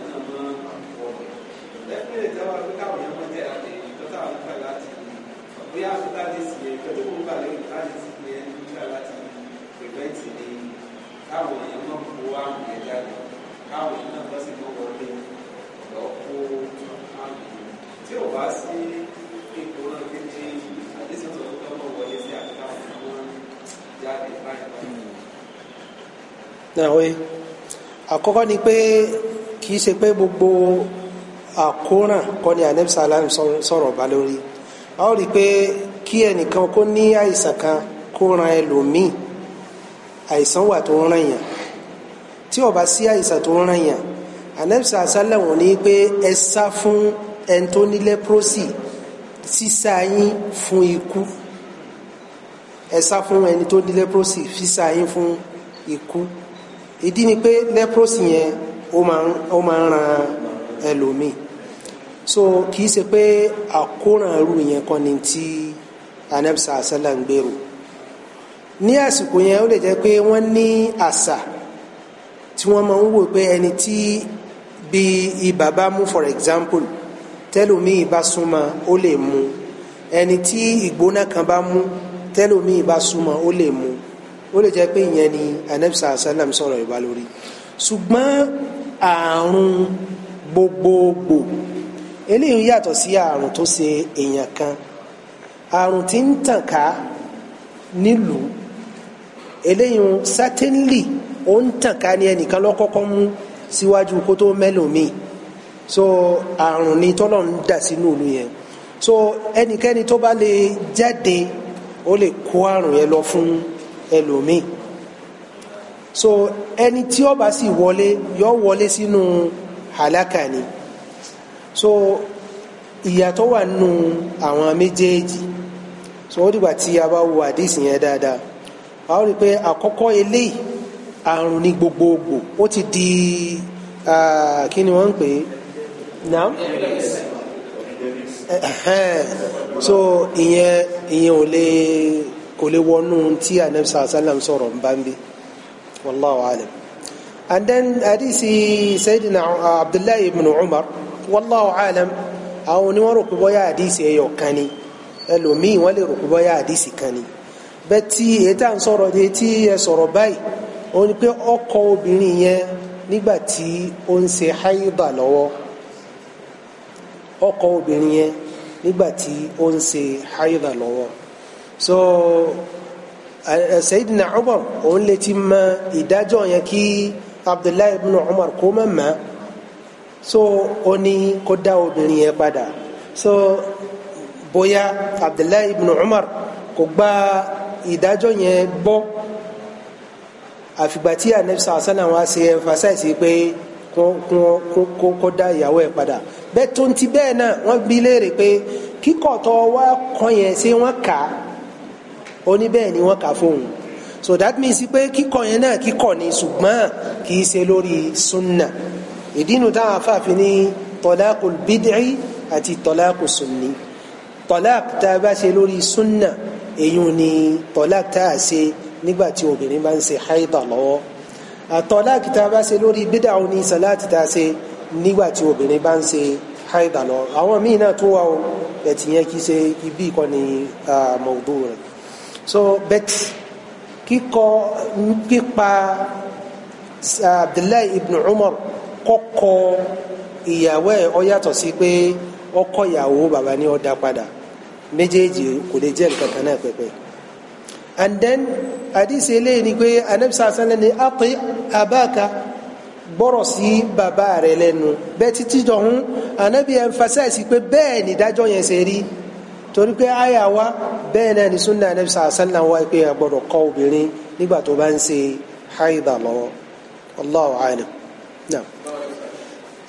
bóyá àfikà dé sí ẹ pẹ̀lú kó gbà lẹ́yìn ká dé sí ẹ nígbà láti pẹ̀lẹ́tì ni káwọn èèyàn náà kó àrùn yẹn jáde káwọn èèyàn náà bọ́ sí náà wọlé lọ kó àrùn yẹn tí ò bá sí ipò náà kéde àdéṣètò tó tọ́ wọlé sí àfikà fún wọn jáde báyìí. àkọ́kọ́ ni pé kì í ṣe pé gbogbo àkóràn kọ́ ni ànẹ́bísà aláìsọ̀rọ̀ lórí a ó rí i pé kí ẹnìkan kó ní àìsàn kan kó ran ẹlòmíì àìsàn wà tó ń ràn yàn tí ó bá sí àìsàn tó ń ràn yàn anabisa asálẹ̀wọ̀n ni pé ẹ sá fún ẹni tó ní lẹ́pọ́sì sísá yín fún ikú ẹ sá fún ẹni tó ní lẹ́pọ́sì sísá yín fún ikú ìdí ni pé lẹ́pọ́sì yẹn ó máa ń ran ẹlòmíì so kì í ṣe pé àkóràn irú yẹn kọ́ ni tí anabisa asala ń gbèrò ní àsìkò yẹn ó lè jẹ́ pé wọ́n ní àṣà tí wọ́n máa ń wò pé ẹni tí bí ibà mú for example tẹ́lòmíì bá súnmọ́ ó lè mú ẹni tí ìgbóná kan bá mú tẹ́lòmíì bá súnmọ́ ó lè mú ó lè jẹ́ pé ìyẹn ni anabisa asala ń sọ̀rọ̀ ìbá lórí ṣùgbọ́n àrùn gbogbogbò eléyìí yàtọ̀ sí àrùn tó ṣe èèyàn kan àrùn tí ń tàn ká nílùú eléyìí certainly ó ń tàn ká ní ẹnìkan lọ́kọ́kọ́ mú síwájú kó tó mẹ́lòmíì so àrùn ni tọ́lọ̀ ń dà sínú ìlú yẹn so ẹnikẹ́ni tó bá lè jáde ó lè kó àrùn yẹn lọ fún ẹlòmíì so ẹni tí ó bá sì wọlé yọ wọlé sínú hàlákà ni. So, so ìyàtọ̀ wà nù àwọn méjèèjì so ó dìgbà tí a bá wo àdìsí yẹn dáadáa a ó rí i pé àkọ́kọ́ eléyìí àrùn ní gbogbogbò ó ti di kí ni wọ́n ń pè é náà so ìyẹn ìyẹn ò lè kò lè wọnú tí anabi sàlám sọ̀rọ̀ nbànbi wallahu alam and then àdìsí sayyidina abdullahi ibn umar wallahu alam àwọn oníwọ́n rò pé bọ́yá àdìsí ẹyọ kan ni ẹlòmíì wọ́n lè rò pé bọ́yá àdìsí kan ni bẹ́ẹ̀ tí èyí tá à ń sọ̀rọ̀ de tí ẹ sọ̀rọ̀ báyìí ó ní pé ọkọ obìnrin yẹn nígbà tí ó ń ṣe haida lọ́wọ́ ọkọ obìnrin yẹn nígbà tí ó ń ṣe haida lọ́wọ́ so Sayyidina Umar òun lè ti mọ ìdájọ́ yẹn kí Abdullahi ibn Umar kó mọ̀ mọ́ so ó ní kó dá obìnrin yẹn padà so bóyá abdullahi ibn umar kò gba ìdájọ́ yẹn gbọ́ àfìgbà tí anabi sàásánà wá ṣe emphasize pé kó dá ìyàwó ẹ̀ padà bẹ́ẹ̀ tó ń ti bẹ́ẹ̀ náà wọ́n bi léèrè pé kíkọ̀ tó wá kàn yẹn ṣé wọ́n kà á ó ni wọ́n kà á fóun so that means pé kíkọ̀ yẹn náà kíkọ̀ ni ṣùgbọ́n kì í ṣe lórí sunna ìdínú táwọn afáàfin ní tọ́láàkù bídìí àti tọ́láàkù sunni tọ́láàkù tá a bá ṣe lórí sunna èyí ni tọ́láàkù tá a ṣe nígbà tí obìnrin bá ń ṣe haida lọ́wọ́ àtọ́láàkù tá a bá ṣe lórí bídà òní sàláàtì tá a ṣe nígbà tí obìnrin bá ń ṣe haida lọ́wọ́ àwọn míì náà tó wà ó ẹtì yẹn kì í ṣe ibi ìkọ́ ni mọ̀gbó rẹ̀ so bet kíkọ kípa Abdullahi ibn Umar kọ́kọ́ ìyàwó ẹ̀ ọ yàtọ̀ sí pé ọkọ ìyàwó bàbá ni ọ dá padà méjèèjì kò lè jẹ́ nǹkan kan náà pẹ̀pẹ̀ and then àdìsí eléyìí ni pé anabisa asálẹ̀ ni àpè abáka gbọ́rọ̀ sí bàbá rẹ̀ lẹ́nu bẹ́ẹ̀ títí dọ̀hún anabi emphasize pé bẹ́ẹ̀ ni ìdájọ́ yẹn ṣe rí torí pé àyà wa bẹ́ẹ̀ náà ni sunna anabi asálẹ̀ wa pé a gbọ́dọ̀ kọ́ obìnrin nígbà tó bá ń ṣe haida lọ́wọ́ Allahu alam náà.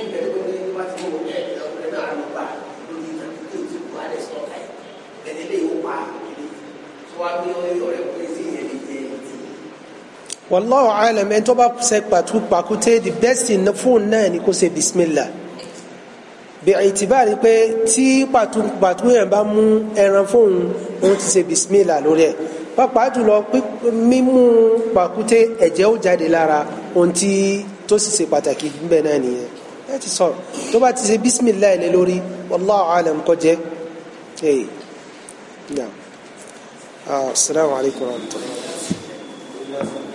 kí bẹ̀rẹ̀ tó ní wá sí wọn ẹ̀ ẹ̀ ọ̀rẹ́ náà ló alam ẹni tó bá ṣe pàtó pàkúté the best thing fún náà ni kó ṣe bismillah bẹ̀rẹ̀ ìtìbárí pé tí pàtó yẹn bá mú ẹran fóun òun ti ṣe bismillah lórí ẹ̀ pàápàá jùlọ mímú pàkúté ẹ̀jẹ̀ ó jáde lára ohun tí tó sì ṣe pàtàkì níbẹ̀ náà nìyẹn ẹ ti sọ̀rọ̀ tó bá ti ṣe bísímìláì lé lórí wallahu alam kó jẹ́ ee naam asalaamualeykum ah, wa rahmatulah.